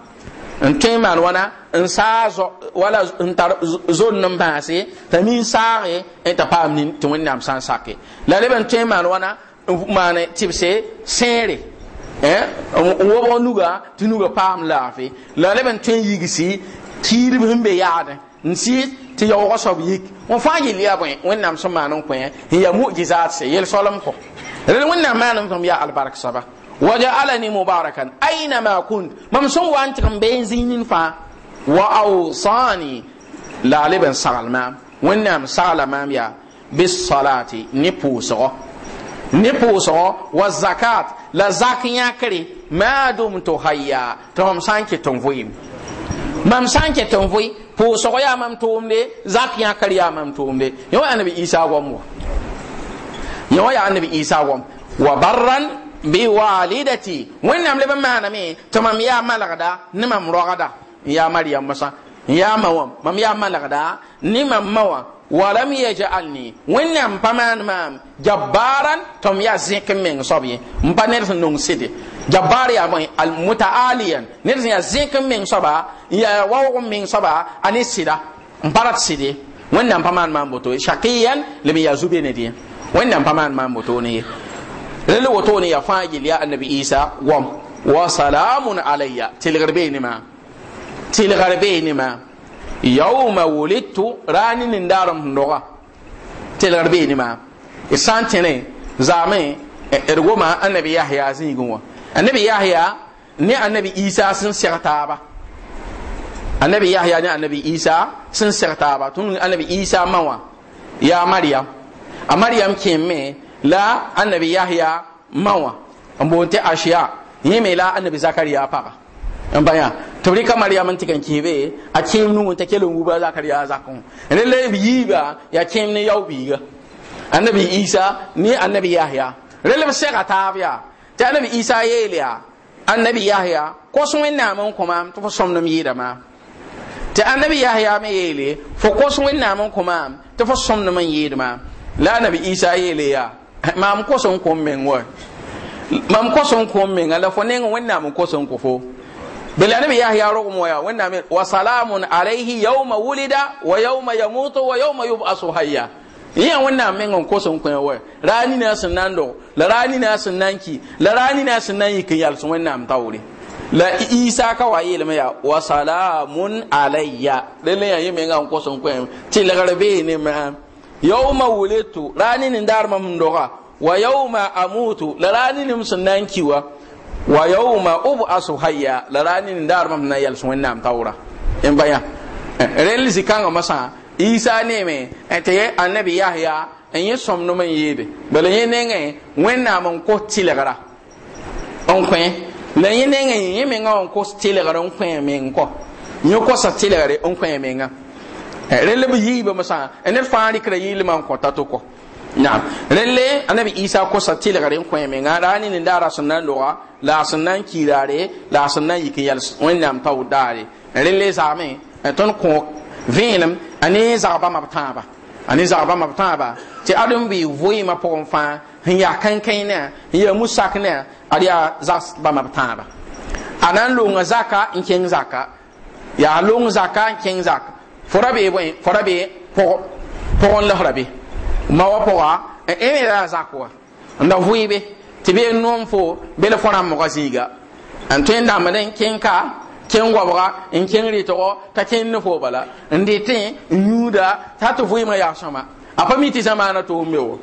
n tõe n maan wãna n saa wala n tar zon n bãase t'a mi n saage n e t'a paam nin tɩ wẽnnaam sã n sake la leb n tõe n maan wãna n maan tɩbse sẽere n eh? wobg nuga tɩ nuga paam laafe la leb n tõe n yigsi kiirb sẽn be yaadẽ n sɩɩd tɩ yaoogã soab yik wã fãa yel yaa bõe wẽnnaam sẽn maan n kõ n yaa mu'gizaat se yel-soalem kõ rel wẽnnaam maan n tõm yaa albark soaba وجعلني مباركا أينما كنت ممسون وأنت بين زين فا وأوصاني لا لبن سغل مام يا بالصلاة نيبوسو نيبوسو والزكاة لا زكيا كري ما دمت حيا تهم سانك تنفوي مام sã تنفوي بوسو يا مام pʋʋsg زكيا كري يا مام yãkr yaa mam عيسى yẽ wa yaa nabi isa gom bi walidati wẽnnaam leb n maaname tɩ mam yaa malgda ne mam rogda n yaa mariyam masa, n yaa ma wã mam yaa malgda ne mam ma wã walam yajalni wẽnnaam pa maan maam jabbaaran tɩ m yaa zẽk n meng soab ye n pa ned sẽn nong sɩde jabbaar yaa bõe almutaaliyan ned sẽn yaa zẽk n meng soaba n yaa waoog n meng soaba a ne sɩda n pa ra tɩ wẽnnaam pa maan maam boto shakiyan leb n yaa zu be ned ye wẽnnaam pa maan maam ne ye lele wato ne ya fãa gil ya annabi isa wam wa salamun alayya tilgr bee nima tilgr bee nima yauma wulidtu raani nin daarem sẽn doga tilgr bee nima d e sã n tẽne zaame d e goma annabi yahya zĩigẽ wã annabi yahya ne annabi isa sun seg taaba annabi yahya ne annabi isa sun seg taaba tun annabi isa mawa ya Maryam. mariyam a mariyam kẽemme la annabi yahya mawa n Ashiya, yi asya la annabi zakariya paga n pa yã tɩ b rɩka mariyam n tɩ a kẽem nung t'a kell n wuba zakariya zakẽ rela b yiiba yaa kẽem ne yao biiga annabi isa ne annabi yahya rela b sɛga taab yaa tɩ annabi isa yeel yaa annabi yahya kos wẽnnaam n kõmaam tɩ fo sõmd m yɩɩdãma tɩ annabi yahya me yeele fo kos wẽnnaam n kõmaam tɩ fo sõmd m n yɩɩdma la annabi isa yeele yaa maam kosẽn kõ meng wa mam kosẽn kõ menga ala fo neng wẽnnaam n kosẽn ko fo bela nabi yahya rogm mo ya me wa salamun alayhi yawma wulida wa yawma yamutu wa yawma yub'asu hayya yẽ wẽnnaam meng ngon kos n kõ wa rani na sun dog la rani na n ki la rani nina sẽn na n yik n yals wẽnnaam tawuri la isa ka wa yeelme ya wa salamun alayya rẽ ya yã yẽ menga ko kos n kõ tɩlgr ne ma. yau yawma wulidtu rani nin dar ma ndoga wa yau yawma amutu la rani nim nan kiwa wa yau ma ubu asu hayya la rani nin dar ma na yal sunan am taura in baya eh, rel kanga masa isa ne me ete annabi yahya en yi som no man yede bala yi ne ngai wenna mun ko tilagara on kwe la yi ne ngai yi me ngai on ko tilagara on kwe me nko nyo ko sa tilagare on kwen me ngai rẽl b yiibame sã ned fãa rɩkra yɩɩlmã n kõ ta to kɔ naam rẽlle anabi isa kosa tɩlgr n kõ menga raa ne nindaara sẽn na n loga la a sẽn na n la a sẽn na yik n yɛls wẽnnaam pa wuddaare rẽlle zaame tõnd kõog vẽenem a ne zag bãmba b tãaba a ne zag bãmba b tãaba tɩ ad bɩ voɩɩmã pʋgẽ fãa n yaa kãn-kãe n yaa mu-sak ne ad yaa zags bãmba b tãaba a na longa zaka n kẽng zaka yaa long zaka n kẽng zaka forabe e boy forabe rabe po po la forabe ma wa po wa e, e ya zakwa nda huibe tibe non fo bele fo ram ko ziga an tin e da madan kinka kin gwabra in kin rito ta kin fo bala ndi tin nyuda ta to fu fuima ya sama apa miti na to mewo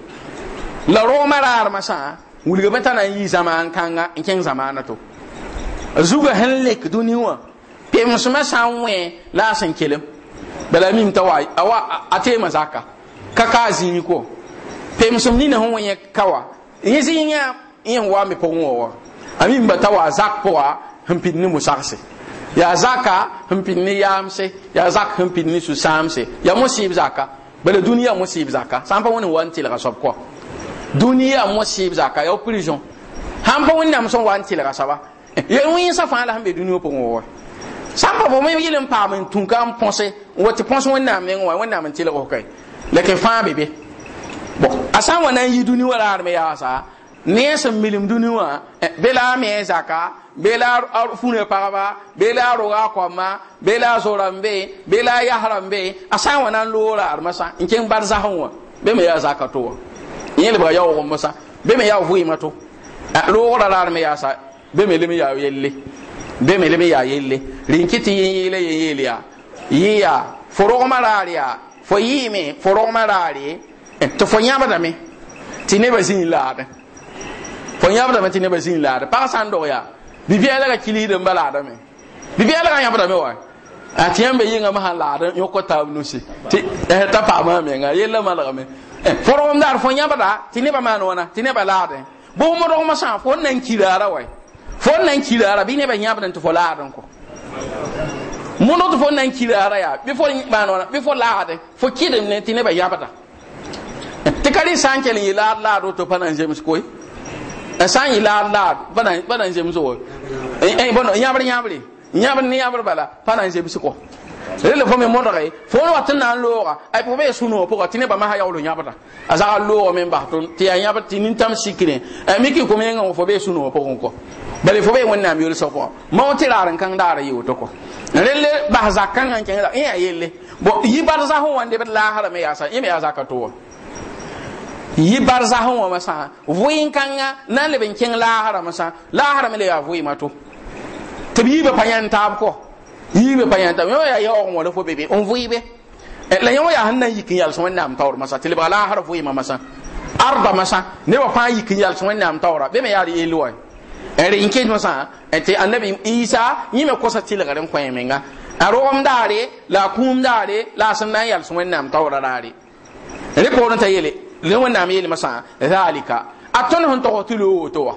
la roma rar masa wulga bata na yi zaman kanga in kin na to zuga hanlek duniwa pe musuma sanwe la san kelim bala mim ta wa awa ate mazaka ka ka zini ko pem sum ni na ho ye kawa ye zinya ye wa me po wo wa ami mba ta wa zak po wa hampin ni musarse ya zaka hampin ni yamse ya zak hampin ni su samse ya musib zaka bala duniya musib zaka sampa woni wanti la sob ko duniya musib zaka ya prison hampa woni nam son wanti la saba ye win sa fa la hambe duniya po wo sãn pa bõe yɩl n paam n tũka n põse n wa tɩ põs wẽnnaam neng wã wẽnnaam n tɩlgfkae lakin fãa be be a sã n wa na yi duni dũni wã raarme yaasa nees n milm dũni wã eh, be la a me zaka be la a fũne pagba be la a roga a koama be la a zo rãmbe be la a yas rãmbe a sã n wa sa n loog raarmã sã n kẽng bar zasẽ wã be me yaa zaka to wã yẽlbga yaoogembã sã be me yaa vɩɩmã to eh, loogra raarme yaasa be me mi yaa yelle be me leme ya yelle rinkiti yin yele yin yele ya yiya foro marari ya fo yime foro marari eh, to fo nyaba dame ti ne bazin laade fo nyaba dame ti ne bazin laade pa san do ya bibiya la kili de mbala dame bibiya la nyaba dame wa a tiyan be yinga mahan laade yoko ta nusi ti eh, ta pa ma me nga yelle malaga me eh, foro mdar fo nyaba da ti ne ba man wona ti ne ba laade bo mo do ma san fo nan kirara wai fon nan kira ara bi ne ban yabran to fola ko mono to fon nan kira ara ya bi fo ba no bi fo la fo kidem ne tine ban ta te kari sanke ni la la do to panan james koy eh, san yi la la panan panan james koy e eh, eh, bono yabri yabri yabri ni yabri bala panan james koy rel fo me modre fo wa tin nan lora ay pour be suno pour tin ba ma ha yawlo nyabata azara lora men ba ton ti ya nyabata tin tam sikire ay mi ki ko me ngon fo be suno pour ko bale fo be wonna mi yol sokko ma o tiraran kan dara yi to ko rel ba zakan an kan ya e yelle bo yi bar za ho wande bet la harame ya sa ime e ya zakato yi bar za ho ma sa voyin kanga nan le ben kin la harama sa la harame le ya voyi mato tabi ba payan tab ko yiibe pa yãnta yõ yaa yaoog wã la fo be be n vɩɩbe la yõ yaa sẽn na n yik n yals wẽnnaam taoor masã tɩ lebga laasr vɩɩmã masã arda masã nebã fãa yik n yals wẽnnaam taoora be me yaa d yell wa rẽn kẽs masã tɩ annabi isa yẽ me kosa tɩlgr n kõe menga a rogem daare la a kũum daare la a sẽn na n yals wẽnnaam taoora raare rẽ poorẽ t'a yele rẽ wẽnnaam yeel masã zalika a tõnd sẽn togs tɩ loo woto wa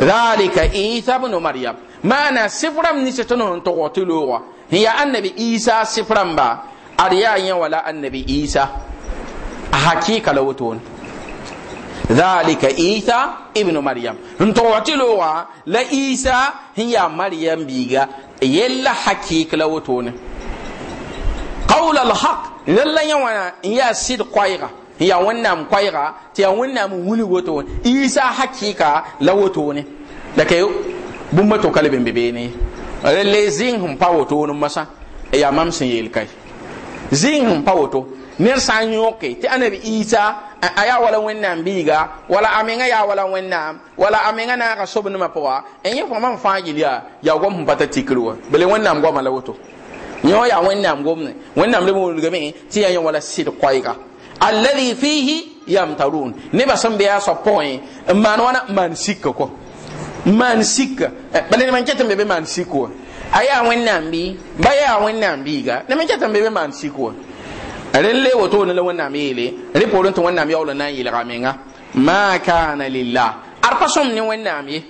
zalika isa bnu Mariyam. maana sifram ni sẽn sẽn tog tɩ loogã n yaa annabi isa sifrãmba ad yaa yẽ wala annabi isa a hakɩɩka la wotone ذلك عيسى ابن مريم نتوعتي لوا لا عيسى هي مريم بيغا يلا حقيق لوتون قول الحق للا يوانا يا سيد قايغا يا ونام قايغا تي ونام ولي وتون عيسى حقيقه لوتون لكن bumba to kale bembe be beene rele zĩng hum pa woto masa e ya mam sẽn yel kai zĩng hum pa woto ned sã n ti anabi isa aya wala wenna biiga wala amenga ya wala wenna wala amenga na ka sob nima pʋga e n yẽ fõ mam fãa gil yaa yaa gom sẽn pa ta tikr wa bele wenna goamã la woto yẽ ya wenna wẽnnaam ne wenna mle mo ngame ti ya wala sid koɛɛga alladhi fihi yamtarun ne sẽn be yaa soab pʋgẽ n maan wãna n maan sika eh, bala ne man kyɛ tɩm be maan sik wa nambi yaa wẽnnaam bɩ ba yaa wẽnnaam biiga ne man kyɛ tɩm be be maan sik wa rẽn le woto ne la wẽnnaam yeele rẽ poorẽ tɩ wẽnnaam yaool na n yɩlga menga ma kana lillah ar pa sõm ne wẽnnaam ye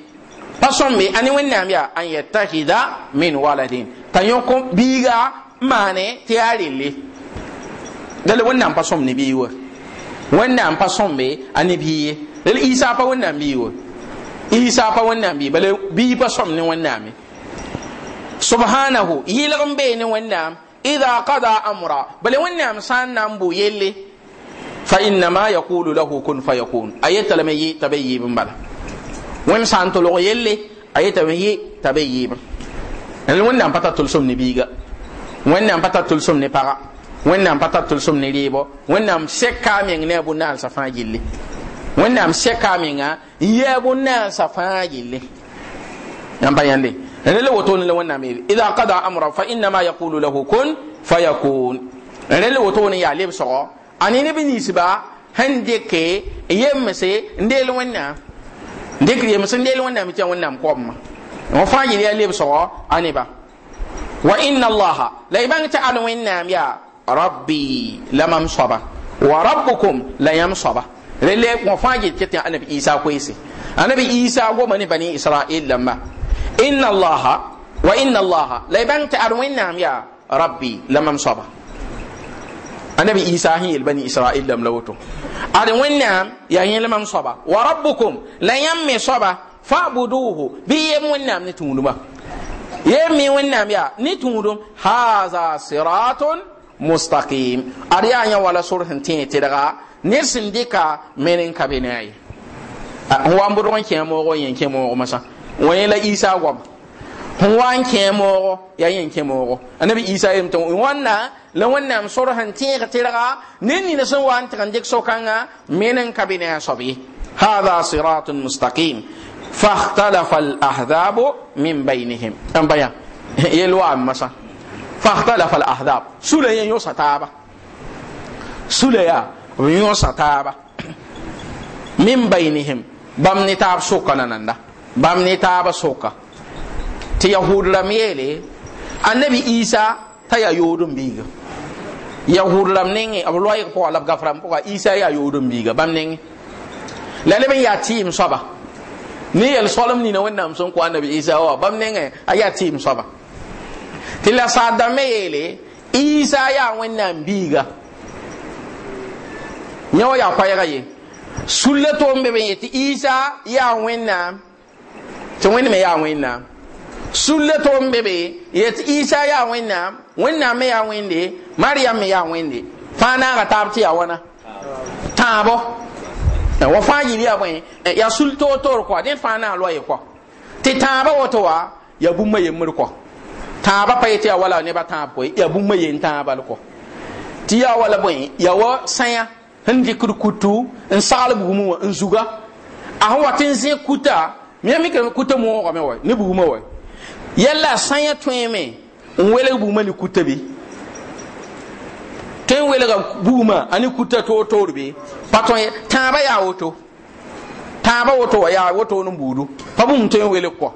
pa sõm be a ne an yattakida min waladin t'a yõk biiga n maane tɩ yaa relle dala wẽnnaam pa sõm ne bii wa wẽnnaam pa sõm be a ne bii ye rel isa pa wẽnnaam bii wa isa pa wannan bi bale bi pa som ne wannan mi subhanahu yilgam be ne wannan idha qada amra bale wannan san nan bu yelle fa inna ma yaqulu lahu kun fayakun ayata lam yi tabayyib bala wen san to lo yelle ayata lam yi tabayyib en wannan pata tul som ne biga wannan pata tul som ne para wannan pata tul som ne libo wannan sekka men ne bu nan safa gilli wẽnnaam sɛka menga n yɛɛ bõn-naasã fãa yelle yãmb pa yãnde rẽ la wotone la wẽnnaam yeele ida qada amra fa innama yaqulu lahu kun fa yakun rẽ la wotone n yaa lebsgɔ a ne neb ninsba sẽn dɩke n yemse n deel wẽnnaam n dɩkd yems n deel wẽnnaam tɩ wẽnnaam kɔbma wã fãa yel yaa lebsgɔ a neba wa inna allaha la y bãng tɩ ad wẽnnaam yaa rabbi la mam soaba wa rabbukum la yãmb soaba rele ko faji kete anabi isa kwese anabi isa go mani bani israil lamma inna allaha wa inna allaha la banta arwinna ya rabbi lamam saba anabi isa hi bani israil lam lawoto arwinna ya hi lamam saba wa rabbukum la yammi saba fa'buduhu bi yamwinna ni tunuma yammi wẽnnaam ya ni tũudum haza siratun mustaqim ad yaa yã wala sor sẽn tẽe ne sẽn dɩka me ne n ka be ne a ye ah, n wa n bʋdg n kẽ moogo n kẽ moogo masã wa yẽ la isa goam n wa n kẽ moogo yaa yen kẽ moogo isa yem tɩ wãnna la wẽnnaam sor sẽn tẽeg tɩrga ne nina sẽn wa n tɩg n dɩk so me ne n ka be ne a soab ye hada siratun mustaqim fahtalafa alahdabu min bainihim n baya yel waam masã fahtalafa alahdab sula yen yosa b yõosa taaba min bainihim bãmb ne taab soka nananda bãmb ne taaba soka tɩ yahud rãmb yeele annabi isa t'a yaa yood n biiga yahud rãmb nengẽ b loɛɛg pʋga la b gaf rãmb pʋga isa yaa yood n biiga bãmb nengẽ la leb n yaa tɩɩm soaba ne yel solem nina wẽnnaam sẽn kõ annabi isa wa bãmb nengẽ a yaa tɩɩm soaba tɩ la saad dãmb me yeele isa yaa wẽnnaam biiga yẽ wa yaa koɛɛgã ye sulla tʋʋm bɛ yen yetɩ isa yaa wẽnnaam tɩ wẽnd me yaa wẽnnaam sulla tʋʋm bɛ yen yetɩ isa yaa wẽnnaam wẽnnaam me yaa wẽnde mariam me yaa wẽnde fãa naaga taab tɩ yaa wãna tãabɔ wa fãa yir yaa bõe yaa sul toor toor kɔ dẽ fãa na n loa e, ye kɔ tɩ tãabã woto wa yaa bũmba yembr kɔ taaba pa ye tɩ yaa wala ba tãab koe yaa bũmba yen tãabã kɔ ti ya wala bõe yaa wa sanya. n dɩkd kutu n saglb bugum wã n zuga a sẽn wat n zẽ kuta miã mikame kuta moogame wa ne bugumã wa yɛlla a sã yã tõeme n welg bugumã ne kuta be tõe n welga bugumã a ne kuta toor-toor be pa tõe tãabã yaa woto tãabã woto wa yaa woto n buudu pa bũmb tõe n welg kɔ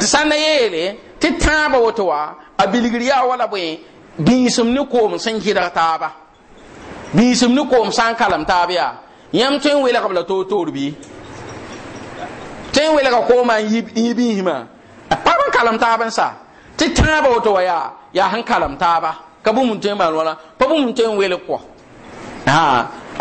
tɩ sã n na yeele tɩ tãabã woto wa a bilgr yaa wala bõe bĩisem ne koom sẽn gɩdg taaba biisim ni koom sã n kalem taab yaa yãmb tõe n welg b la toor-toor bɩ tõe n welga koomã n yɩ biismã pab n kalem taab n sa tɩ tãabã woto wa yaa yaa sẽn kalem taaba ka bũmb n tõe n maan wãna pa bũmb n tõe n welg kɔ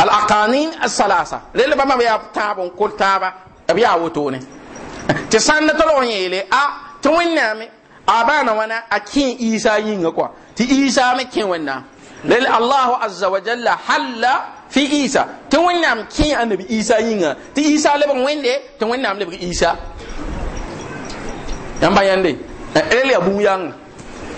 alaqanin asalasa rel bãmba b yaa tãab n kol taaba b yaa wotone tɩ sãnda tolg n yeele a tɩ wẽnnaame a baana wãna a kẽ isa yĩnga kɔa tɩ isa me kẽ wẽnnaam lel allah azza wa jalla halla fi isa tɩ wẽnnaam kẽ annabi isa yĩnga tɩ isa lebg wẽnde tɩ wẽnnaam lebg isa yãmba yãnde rel yaa bũmb yãnga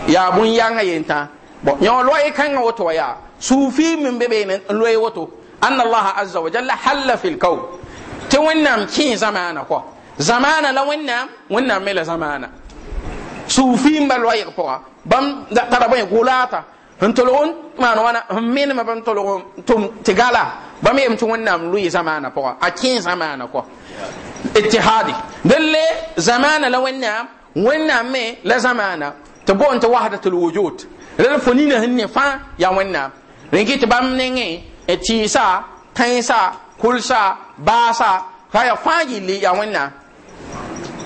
yaa bũmb yãnga yentã bon yõ loɛ kãngã woto wa yaa suufi min be been n loɛ woto anna allah azza wa jalla halla fi lkawn tɩ wẽnnaam kẽ zamaana kɔ zamaana la wẽnnaam wẽnnaam me la zamaana suufi n ba loɛg pʋga bãmb tara bõe golaata n tolg n maan wãna n menem b n tolg tʋm tɩ gala bãmb yem tɩ wẽnnaam lʋɩ zamaanã a kin zamana ko ittihadi dalle zamana la wẽnnaam wẽnnaam me la zamana to boon tɩ wahdatul wujud rel ya nina sẽn to bam ne wẽnnaam e ti sa tan sa kul sa ba sa fa ya fãa yilli ya wẽnnaam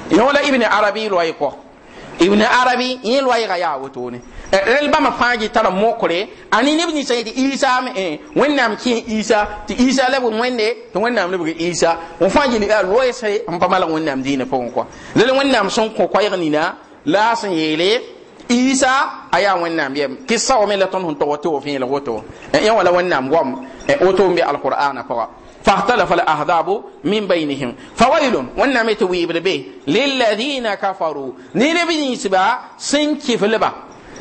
yõ ibn arabi lɔɩ ko. ibn arabi yẽ lɔɩga ya wotone rel eh, bãmba fãa tara mokre a ne neb ninsã yetɩ isaam wẽnnaam kẽ isa tɩ eh, isa la b wẽnde tɩ wẽnnaam lebg isa n fãa gɩl a roɛɛse n pa mala wẽnnaam diinã pʋgẽ kɔa rel wẽnnaam sẽn kõ koɛɛg nina la sẽn yeele isa a yaa wẽnnaam yɛm tɩ saoame la tõnd sẽn tog tɩ f yẽlg woto yẽ wala wẽnnaam goam woto n be alqur'aanã pʋga فاختلف الأحزاب من بينهم فويل ونعمة ويبربي للذين كفروا نينبني سبا سنكف لبا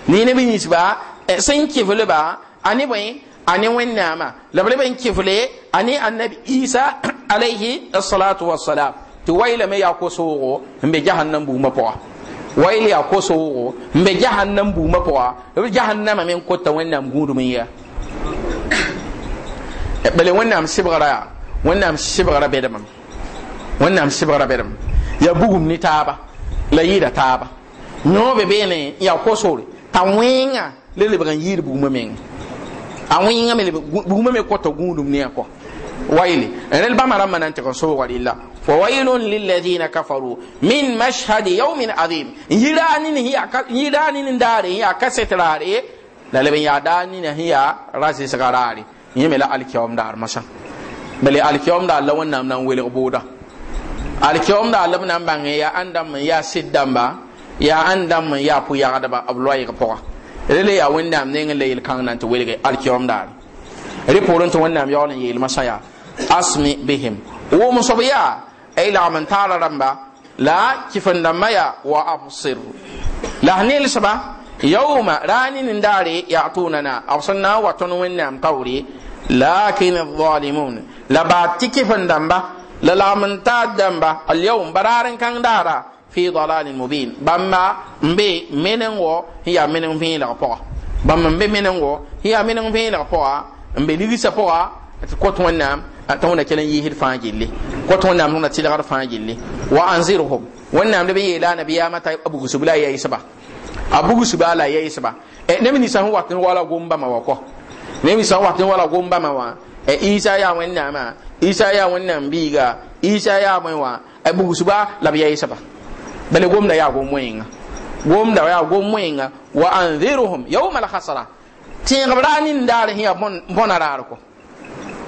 ni ne bi e eh, sen kifle ba ani bai ani wannama ben ke kifle ani annabi isa as-salatu was-salam to wayla me ya ko mbe jahannam bu mapo wayla ya ko mbe jahannam bu mapo jahannama men ko ta nam gudu men ya eh, bale wannam sibgara wannam sibgara bedam wannam sibgara bedam ya bugum ni taba la yida taba nyobe bene ya ko t'a wẽnga le lebg n yiir bugumã menga a wẽnga me bugumã me kota gũudum ne a kɔ wayle rel bãmba rãmbã nan n tɩg n soobga rɩlla wa waylun lilladina kafaru min mashhad yaumin adim n yi raa nin n daare n yaa kasɛt raare la leb n yaa daa nina sẽn yaa ra-zɩsga raare yẽ me la alkiaom daar masã bale alkiaom daar la wẽnnaam na n welg booda alkiaom daar la b na bãng n yaa n yaa sɩd dãmba ya an dam ya pu ya da ba abloy ga poa rele ya wanda am ne leil kan nan to welge alkiyom dar riporun to wanda am ya wala yel masaya asmi bihim wo musabiya ya ay la man tala ramba la kifan da maya wa afsir la ne saba yawma ranin dare ya tunana afsanna wa tun wanda am kawri lakin adh-dhalimun la ba tikifan damba la la ta damba al yawm bararin kan dara fi dalalin mubin bamba mbe wo hiya menen fi la po bamba mbe wo hiya menen fi la po mbe ni sa po at ko to nam atawna kelen yi hir fan ko to nam nuna tilar fan gilli wa anzirhum wannan da bai la nabiya mata abu gusubla yayi saba abu gusubala yayi saba e ne mini san watin wala gomba ma wako ne mini san watin wala gomba ma wa e isa ya wannan ma isa ya wannan biga isa ya mai wa abu gusuba labiya yayi saba bale gomda ya gom wenga gomda ya gom wenga wa anziruhum yawm al khasra tingam ranin dar hiya bona rar ko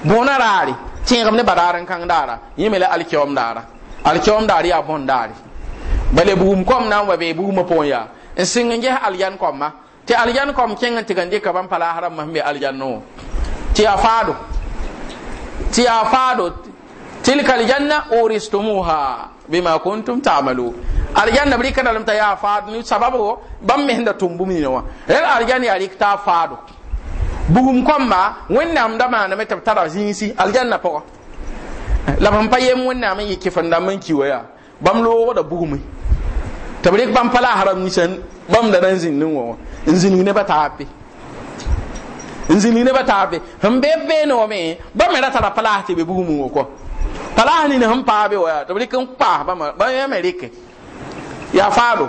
bona rari tingam ne bararan kan dara yimele al kiyom dara al kiyom dar ya bon dari bale buum kom nan wa be buum pon ya n sɩng n kɔma tɩ algan kɔm kẽng n tɩg n dɩka bãmb pa laasra be algan no bima kuntum ta'malu arjanna bri kada ta ya faad ni sababu bam hinda tumbu mi wa el arjan ya fadu buhum bugum komba wannam da na meta tara jinsi na pawa la bam paye wannam yike fanda man waya bam lo wada buhum tabrik bam pala haram ni san bam da dan zin wo zin ne ba abi zin ne ba abi hambe be no me bam era tara pala ti be wo ko tala ni han pa be wa to bi kan pa ba ma ba ya merike ya falo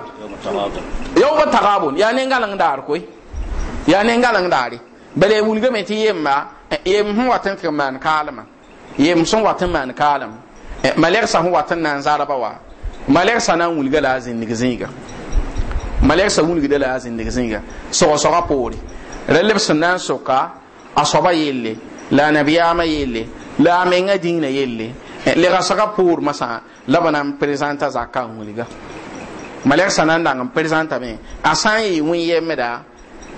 yau ba tagabun ya ne galan dar koi ya ne galan dare bale wul ga meti yemma yem eh, hu watan kan man kalama yem sun watan man kalam eh, malek sa hu watan nan zaraba wa malek sa nan wul ga lazin ni zinga malek sa wul ga lazin ni zinga so so rapori relib sunan soka asoba yelle la nabiyama yelle la menga dinna yelle legsga pʋʋrmã pour la ba na n presãnta zakã n wilga malɛg sã na n dang n presãntame a sã n yɩ wẽn-yɛmda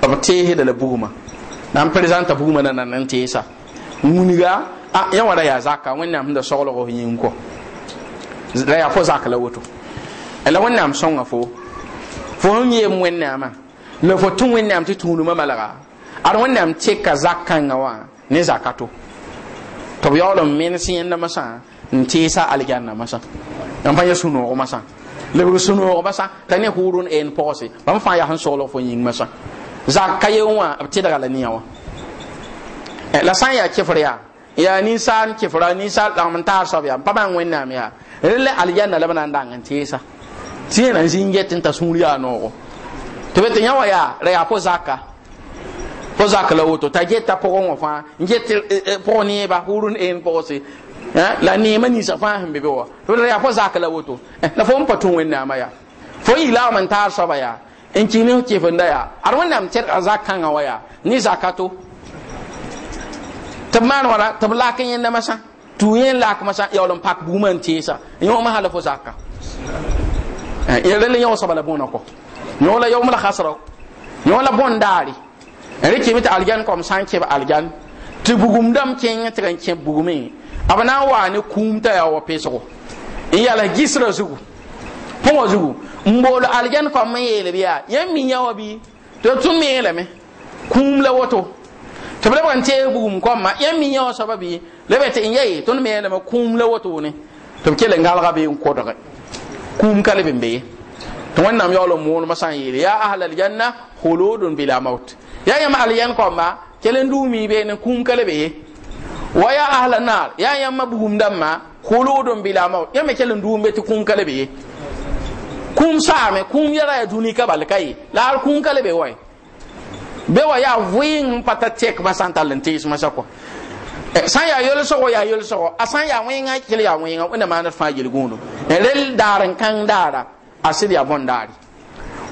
b teesda la bugumã na n buguma bugumã na nan n teesa wilga a yã wã ra yaa zakã wẽnnaam sẽn da soglg f yĩng kɔ la yaa fo zak la woto la wẽnnaam sõnga fo fo tun yeem wẽnnaamã la fo tũ wẽnnaam tɩ tũudumã malga ad ka teka zak ka wã ne ka to tɩ b min sin menes n teesa aljanna masã n pa yã sũ-noogo masã lebg sũ-noogo masã t'a ne huurun n pɔgse bãmb fãa yaa sẽn soglg fo yĩng masã zak ka yeo wã b tɩdga la nia wã eh, la sã n yaa kɩfr yaa yaa ninsaal kɩfra ninsaal lagm n taar soab yaa pa maan wẽnnaam yaa rẽ la la b na n dang n teesa tɩ yẽna n get n t'a sũur yaa noogo tɩ be tɩ yã wã yaa ra yaa po zaka po zak la woto t'a geta pʋgẽ wã fãa n get pʋgẽ neeba huurun n Eh? la neema ninsã fãa sẽn be be wa tɩ d yaa fo zak la woto eh, la fo n pa tũ wẽnnaamã yaa fo yilaam man taar soaba yaa n kɩs ne kɩfenda yaa ad wẽnnaam tẽdga zak kãngã wa yaa ne zakato tɩ b maan wãra tɩ b lak yẽnda masã tɩ yẽn lak masã yaool n pak buumã n teesa yõ masã la fo zaka rel yõ soaba la bõna kɔ yõ la yaoom la hasra yõ la bõn daare eh, rɩkɩme tɩ algan kom sã n kẽb algan tɩ bugumdame kẽngẽ tɩg n kẽb bugume b na n waa ne kũum yaa wa pɩsgo n yals gisrã zugu pʋgã zugu n bool algan fam n yeelb yaa yãmb mi yã wa bɩ tɩ tũ meelame kũum la woto tɩ b lebg n teeg bugum kɔma yãmb mi yã wa soaba bɩ leb tɩ n yaye tõnd meelame kũum la wotone tɩ b kell n galga bee n kodge kũum ka leb n be ye tɩ wẽnnaam yaool n wʋʋnmã sã n yeele yaa ahla aljanna holodun bila maut yaa yãmb algan kɔma kell n duumi bee ne kũum ka lebe ye wa ya ahla nar ya yamma buhum damma khuludun bila ya me kelen dum beti kun kalbe kun saame kun yara ya duni ka balkai la kun kalbe wai be wa ya wing pata tek ba santalentis masako eh, san ya yol so ya yol so asan ya wenga kili ya wenga wanda ma na fajil gunu eh, rel daran kan dara asir ya bon dari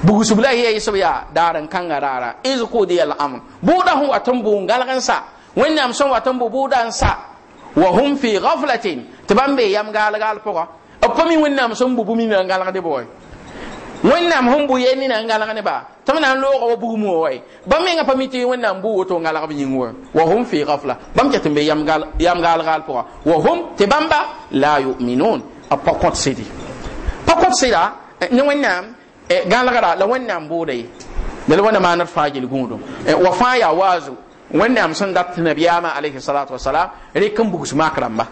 bugu subla ya yiso ya daran kan garara izku di al amr budahu atambu ngalgansa wẽnnaam sẽn wat n bo buudã n sa wa hum fi gaflatin tɩ bãmb bee yam gaalgaal pʋga b pa mi wẽnnaam sẽn bu bũmb nina n galgdẽ bɩ wɛ wẽnnaam sẽn bu yel nina n galg nebã tɩ b na n looga wa bugum wã wɛ bãmb mengã pa mi tɩ wẽnnaam bu woto n galg b yĩng wã wa hum fi gafla bãmb ket n be yam gaalgaal pʋga wa hum tɩ bãmba la yuminuun b pa kõt sɩdɩ pa kõt sɩda ne wẽnnaam gãlgra la wẽnnaam buuda ye dal wẽna maan d fãa gel gũudum wa fãa yaa waazo wẽnnaam sẽn gat tɩ nabiyaamã alaihi salatu wasalam rɩk n bugs maak rãmba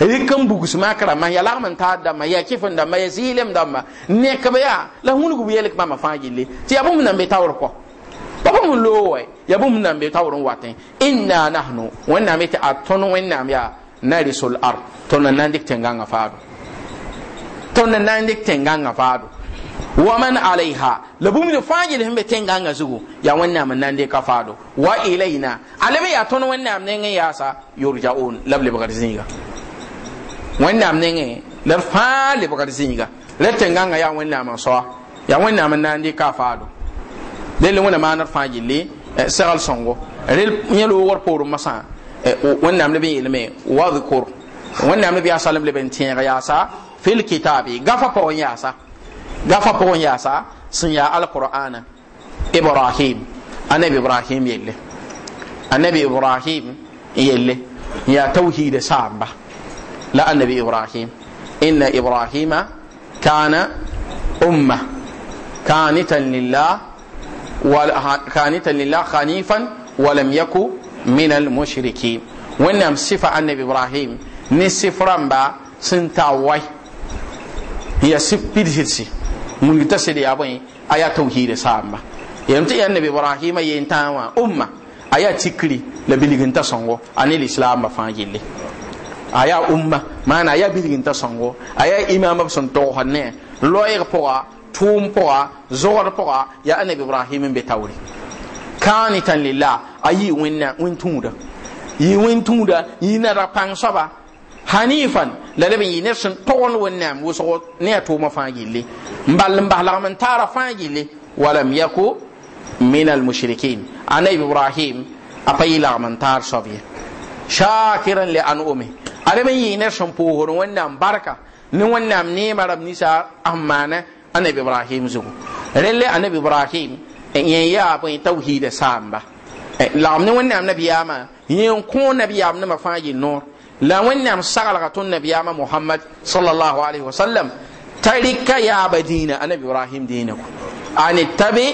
rɩk n bugs maak rãmba ya lagm n taad dãmba ya kɩf n dãmba ya zɩɩlem dãmba nekb yaa la wũlg b yelk bãmba fãa gilli tɩ ya bũmb nan be taoor kɔ pa bũmb n loo wɛ ya bũmb nan be taoor n watẽ inna nahnu wẽnnaam yetɩ a tõnd wẽnnaam yaa narisu l ard tõnd n na n dɩk tẽn-gãngã faado tõnd n na n dɩk tẽn-gãngã wa man alaiha la bumri fajil hembe tenga nga zugo ya wannan man nan de kafado wa ilaina alame ya ton wannan nan ya sa yurjaun lable bagar zinga wannan nan la fa le bagar zinga la tenga nga ya wannan man so ya wannan man nan de kafado dele wannan man fajil le eh, sagal songo rel nyelo war poru masa eh, wannan nabi ilme wa dhkur wannan nabi sallallahu alaihi wasallam le ben tenga ya sa fil kitabi gafa po ya sa gafa pʋgẽ yaasa sẽn yaa alqur'ana ibrahim anabi ibrahim yelle anabi ibrahim yelle n yaa tawhida saamba la anabi ibrahim inna ibrahima kana umma kanitan lillah kanitan lillah khanifan walam yaku min almushrikin wẽnnaam sifa anabi ibrahim ni sif rãmba sẽn tar wai n mun ta sede ya bai aya tauhid samba yam ti nabi ibrahim ya tawa umma aya tikri la biligin ta songo ani islam ba aya umma mana aya biligin ta songo aya imam son to hanne loyer poa tum poa zor poa ya nabi ibrahim be tawri kanitan lillah ayi winna win yi win yi na rapang saba hanifan la leb yi yɩ sun sẽn wani wẽnnaam wʋsg ne a tuma fãa gilli n ball n baslgm n taara fãa gilli walam yaku min almushrikin a nabi ibrahim a pa yɩlgm n taar soab ye shakiran li an ome a leb yi yɩ sun sẽn wani wẽnnaam barka ne wẽnnaam neemã rab ninsaar a maana a nabi ibrahim zugu rẽlle a nabi ibrahim n yẽ yaa bõe tawhiida saamba eh, lagm ne wẽnnaam nabiyaamã yẽ n kõ nabiyaam nemã fãa gill noor la wẽnnaam saglga tõnd nabiyaamã mohamad sallallahu alaihi wasallam t'a rɩka yaaba diina a nabi ibrahim diinã kɔ a ne tabe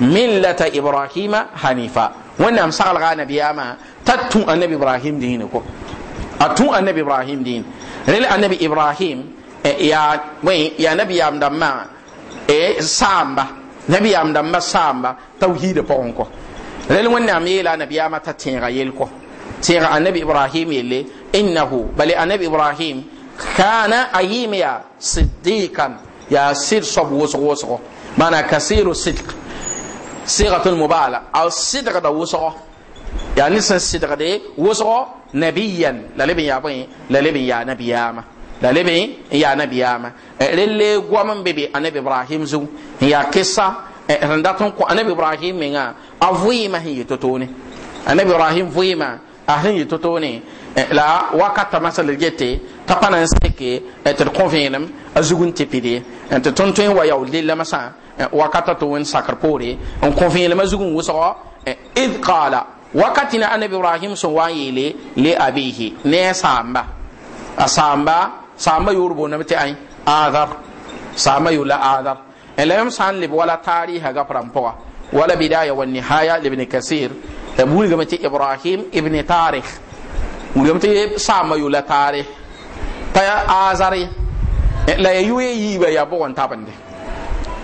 millata ibrahima hanifa wẽnnaam saglga a nabiyaamã t'a tũ a nabi ibrahim diinã kɔ a tũ a nabi ibrahim diin rel a nabi ibrahim e, ya ya nabiyaam dãmbã e, saamba nabiyaam dãmbã saamba tawhiidã pʋgẽ kɔ rel wẽnnaam yeela a nabiyaamã t'a tẽega yel kɔ tẽega a nabi ibrahim yelle إنه بل النبي إبراهيم كان أيم يا صديقا يا سير صب وسغ وسغ معنى كثير الصدق صيغة المبالغة أو الصدق ده وسغ يعني سن الصدق ده وسغ نبيا لا لبن يا بني لا يا نبي la lebe ya nabiyaama rele gom bebe anabi ibrahim zu ya kisa rẽn dat n kõ anabi ibrahim menga a vɩɩmã sẽn yɩ anabi ibrahim ahsẽn yɩ to-toone eh, la wakata masal gete t'a panan na n seke tɩ d kõ vẽenem a zug n tɩ pide wa yaool lella masã wakata tɩ wẽnd sakr poore n kõ vẽenem a zug n id qaala wakati na anabi ibrahim sun wa n le abihi ne a a saamba saamba yoor boondame tɩ ãe aadar saamba yoor la aadar la yãmb sã n leb wala taariisa gaprã pʋga wala bidaya wa nihaya lebne kasir ta wilgame إبراهيم ibrahim ibn tarikh wilgame tɩ saama yola taare pa azar la ya yʋ ye yiiba ya bʋgn tabende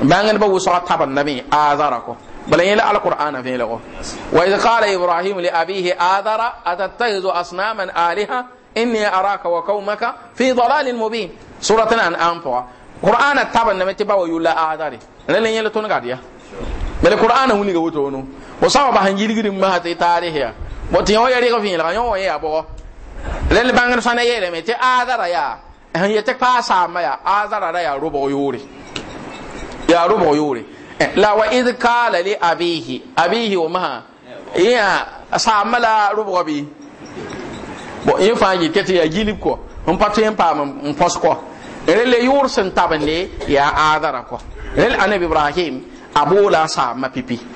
bãngdbã wʋsga azara بل يلا على القرآن في لغو وإذا قال إبراهيم لأبيه آذر أتتخذ أصناما آلهة إني أراك وقومك في ضلال مبين سورة الأنعام فوا قرآن التابع نمتبا ويلا آذر لن يلا تنقاد يا بل القرآن هو اللي bo sa ba han yilgiri ma ha tarihi ya bo ti ho yari ko fin la yo ya bo lel bɔgɔ. sana yele me ti adara ya han yete pa sa ma ya azara da ya rubo yuri ya rubo eh, yuri la wa id kala li abihi abihi wa maha ya sa ma la rubo bi bo in fa yi kete ya yilib ko on patin pa mon pos ko rele yur sen tabane ya azara ko rel anabi ibrahim abula sa ma pipi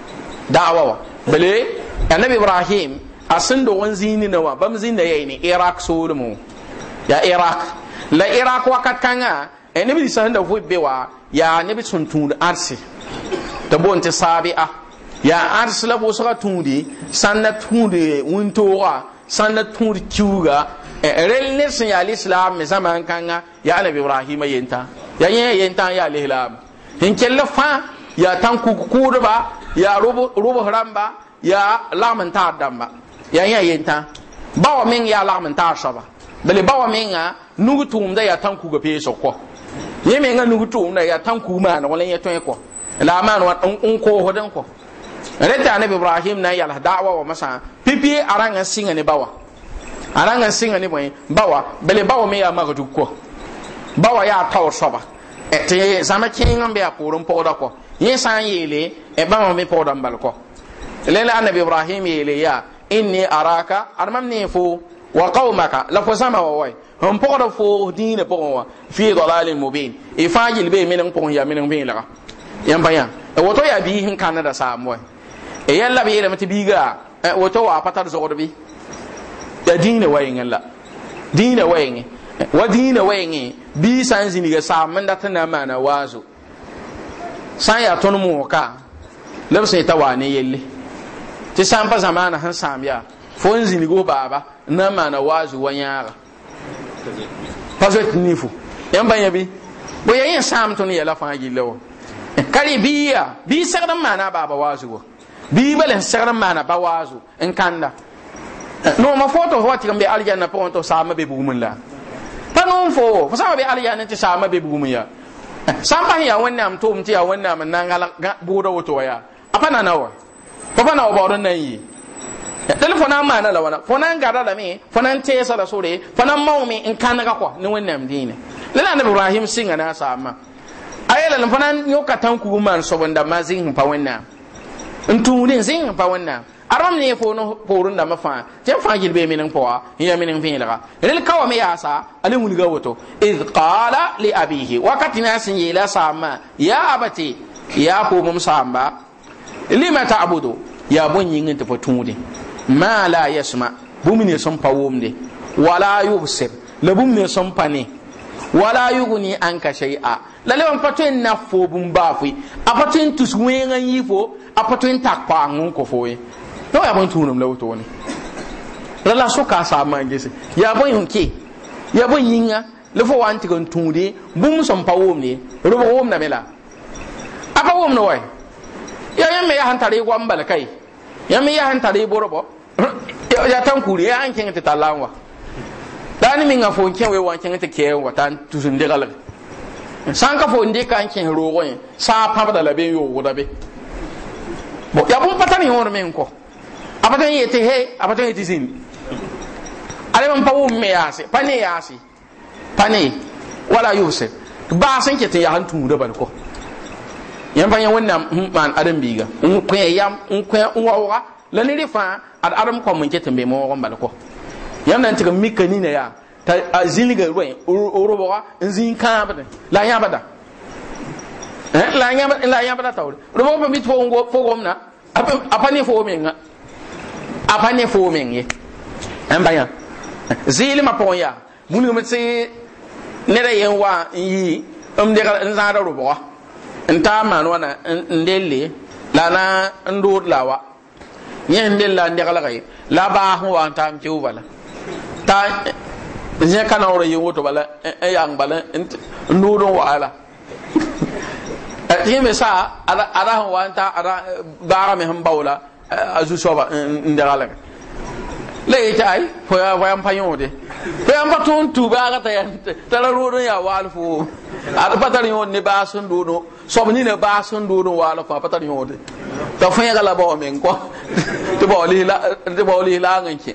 da'awa wa bale annabi ibrahim a sun da wani zini na wa bam zini da yayi ne iraq solomon ya iraq la iraq wakat kanga e eh, nabi sahin da fube ya nabi sun tun arsi da bon ta sabi'a ya arsi la bo saka tundi sanna tundi wuntowa sanna tundi kiuga eh, rel ne sun ya alislam me zaman kanga ya annabi ibrahim yenta ya yenta ya alislam hin kella fa ya tan ba ya rubu ramba ya lamanta damba ya yi yentã ba wa min ya lamanta n taar soaba bale ba wa menga nugu ya tanku tãn kuga ko kɔ yẽ menga nugu da ya tanku ma na wani ya tun kɔ la a maan n koosd n kɔ rẽt yaa neb ibrahim na ya yals da'wa wa masa pipi a rãng n ne bawa a rãng n ne bõe bawa bale bawa min ya magadu kɔ bawa ya taoor soaba tɩ zãma kẽeng n be a poor n da kɔ yẽ sã n yeele e bãmba me pʋgda n bal kɔ lela annabi ibrahim yeele yaa inni araka ad mam ne fo wa qaumaka la fo zãma wa wai n pʋgda foos dĩinã pʋgẽ wã fi dalalin mubin y fãa yel bee meneng pʋgẽ yaa meneng bẽelga yãmb pa yã e woto yaa biis n kãneda saam wai e yɛl e la b yeelame tɩ biiga woto waa pa tar zogd bɩ ya dĩinã wa yĩngẽ la dĩinã wa yĩngẽ wa dĩinã wa yĩngẽ bi sã n zĩniga saam n dat n na n maana waazo San ya yaa muka, mooka la b sẽn yeta waa ne yelle tɩ sã pa zamaana sẽn sãam yaa fo n zĩnig f baaba n na n maana waazu wa yãaga pa zo tɩ nifo yãmb pa yẽ bɩ bõ ya yẽ sãam tõnd yɛla fãa gilla wa kare bii bi bii segd n maana wa bii bala n ba wazu, n kãnda nooma ma tɩ f wa tɩg be aljanna pʋgẽ tɩ f saama be bugum n la pa noom fo fo sãn be aljanna tɩ saama be bugum sãn ya yaa am tʋʋm tɩ ya wẽnnaam am na n buru bʋʋda ya apa na a pa wa pa na wa baood n na n yɩ dẽl na la wãna fo na la gada lame fo na n teesa la sore fo maumi in kan ga kwa ni ne am dine la la ibrahim singa a na n yõka tãn kug n maan sob n dãmbã zĩng sẽn pa n tũude n zẽng pa wẽnnaam aram ne fo porun da mafa je fa gil be minin poa ya minin finilga rel kawa me yasa ale wulga woto iz qala li abihi wakati na sin yela sama ya abati ya ko mum samba lima ta'budu ya bun yingin ta fatunde ma la yasma bumi ne son pawomde wala yubsir la bumi ne son ne. wala yughni anka shay'a lale wan patwen na fobin bum bafi a patwen tus yi fo a patwen takpa pa ngun ko foye no ya bon tunum lauto to ne lala so ka sa ma gese ya bon hunke ya yi yinga le wa wanti kon tundi bum som pa womni robo wom na mela apa wom na wai ya yam me ya han tare gwambal kai yam mai ya han tare borobo ya tankuri ya an ta talawa dani ne minga fo kẽ we wan kẽng tɩ kɛɛ wa ta n tus n deglge sã n ka fo n dɩka n kẽs roogẽ sã n pãbda la ben yoogda be bon ya bõn pa tar yõor me n kɔ a pa apata ye yetɩ he a pa tõe n yetɩ zĩndi pa wʋm ya se pa ne yaase pa ne wala yʋʋse baas n ket n yaa n tũuda bal kɔ yãmb pa yẽ wẽnnaam n hmm, maan ãdem-biiga n kõ yam n kõ n waooga la ne rẽ fãa ad adam ko mun ke te be mo n bal kɔ yãmb na n tɩg mika nina yaa t'a zĩlga robga n zĩig kãabd la yãbda eh, la yãbda taoore robg pa mit fogomna a pa ne foo a pa ne foo meng ye n pa yã zɩɩlmã pʋgẽ yaa wilgm tɩ ned yen wa n yɩ m degr n zãada robga n taab maan wãna n delle la na n dood wa yẽ n del la n deglge la a wa n taam tɩ la ta zẽ ka na wara yɩ bala n eh, eh, yaang bala n nuud n me saa wa eh, ta me a zu-soaba n degalge la yetɩ ay fo yam pa yõode fo yam pa tõnd tu baaga t'a ya tara rood n yaa waal fo ad pa tar ne baas sẽn dʋʋd soab nina baas sẽn dʋʋd n waala fo a pa tar yõode la bao me kɔ tɩ bao lislaang n kẽ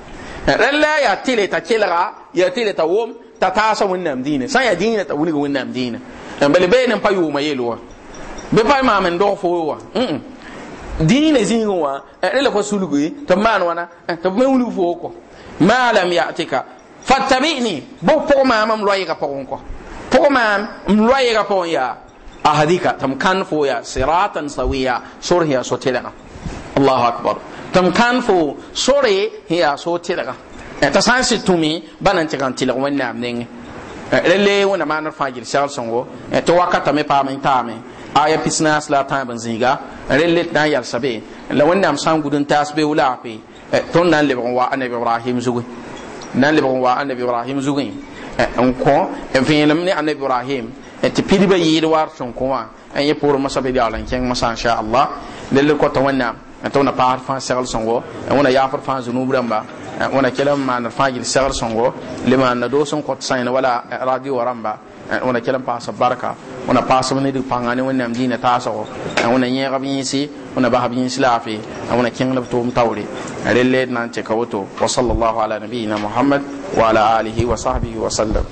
rẽla yaa tɩle t'a kelga yaa tɩle t'a wom t'a taasa wẽnnaam diinã sã n yaa diinã t'a wilg wẽnnaam diinã bale bee ne n pa yʋʋma yel wa bɩ pa maam n dog foo wa diinã zĩigẽ eh, wã rẽ la fa sulgi tɩ b maan wãna eh, tɩ b me wilg foo kɔ maa lam ya'tika fatabini bo pʋg maam m loɛɛga pʋgẽ kɔ siratan sawiya sors yaa allahu akbar tɩm kãn fo sore sẽn yaa soo tɩlga eh, t'a sã n sɩd tũmi ba na n tɩg n tɩlg wẽnnaam nengẽ rele wẽnna maan d fãa gil segl-sõngo eh, tɩ wakatame paam n taame aya pisnaas la a tãab n zĩiga rele eh, tɩ na n yalsa be la wẽnnaam sã n gud n taas be wulaape tõnd na n lebg n wa a nabi ibrahim zugẽ na n lebg n wa a nabi ibrahim zugẽ n kõ vẽenem ne a nabi ibrahim tɩ pidba yɩɩd waar sẽn kõ wã n yẽ pʋʋr masã be yaool n kẽng masã insha allah lele kota wẽnnaam n tɩ wẽna paasd fãa segl sõngo wẽna yaafr fãa zunub rãmba wẽna kell n maanr fãa yel segl sõngo le maanna doog sẽn kõt sãen wala radio wã rãmba wẽna kell paasb barka wẽna paasb ned pãnga ne wẽnnaam dĩinã taasgo wẽna yẽegb yĩsi wẽna basb yĩns laafɩ wẽna kẽngl tʋʋm taoore rel d na n tɩka woto wa sal ala nabiina mohamad wa ala alihi wa sahbihi wa sallam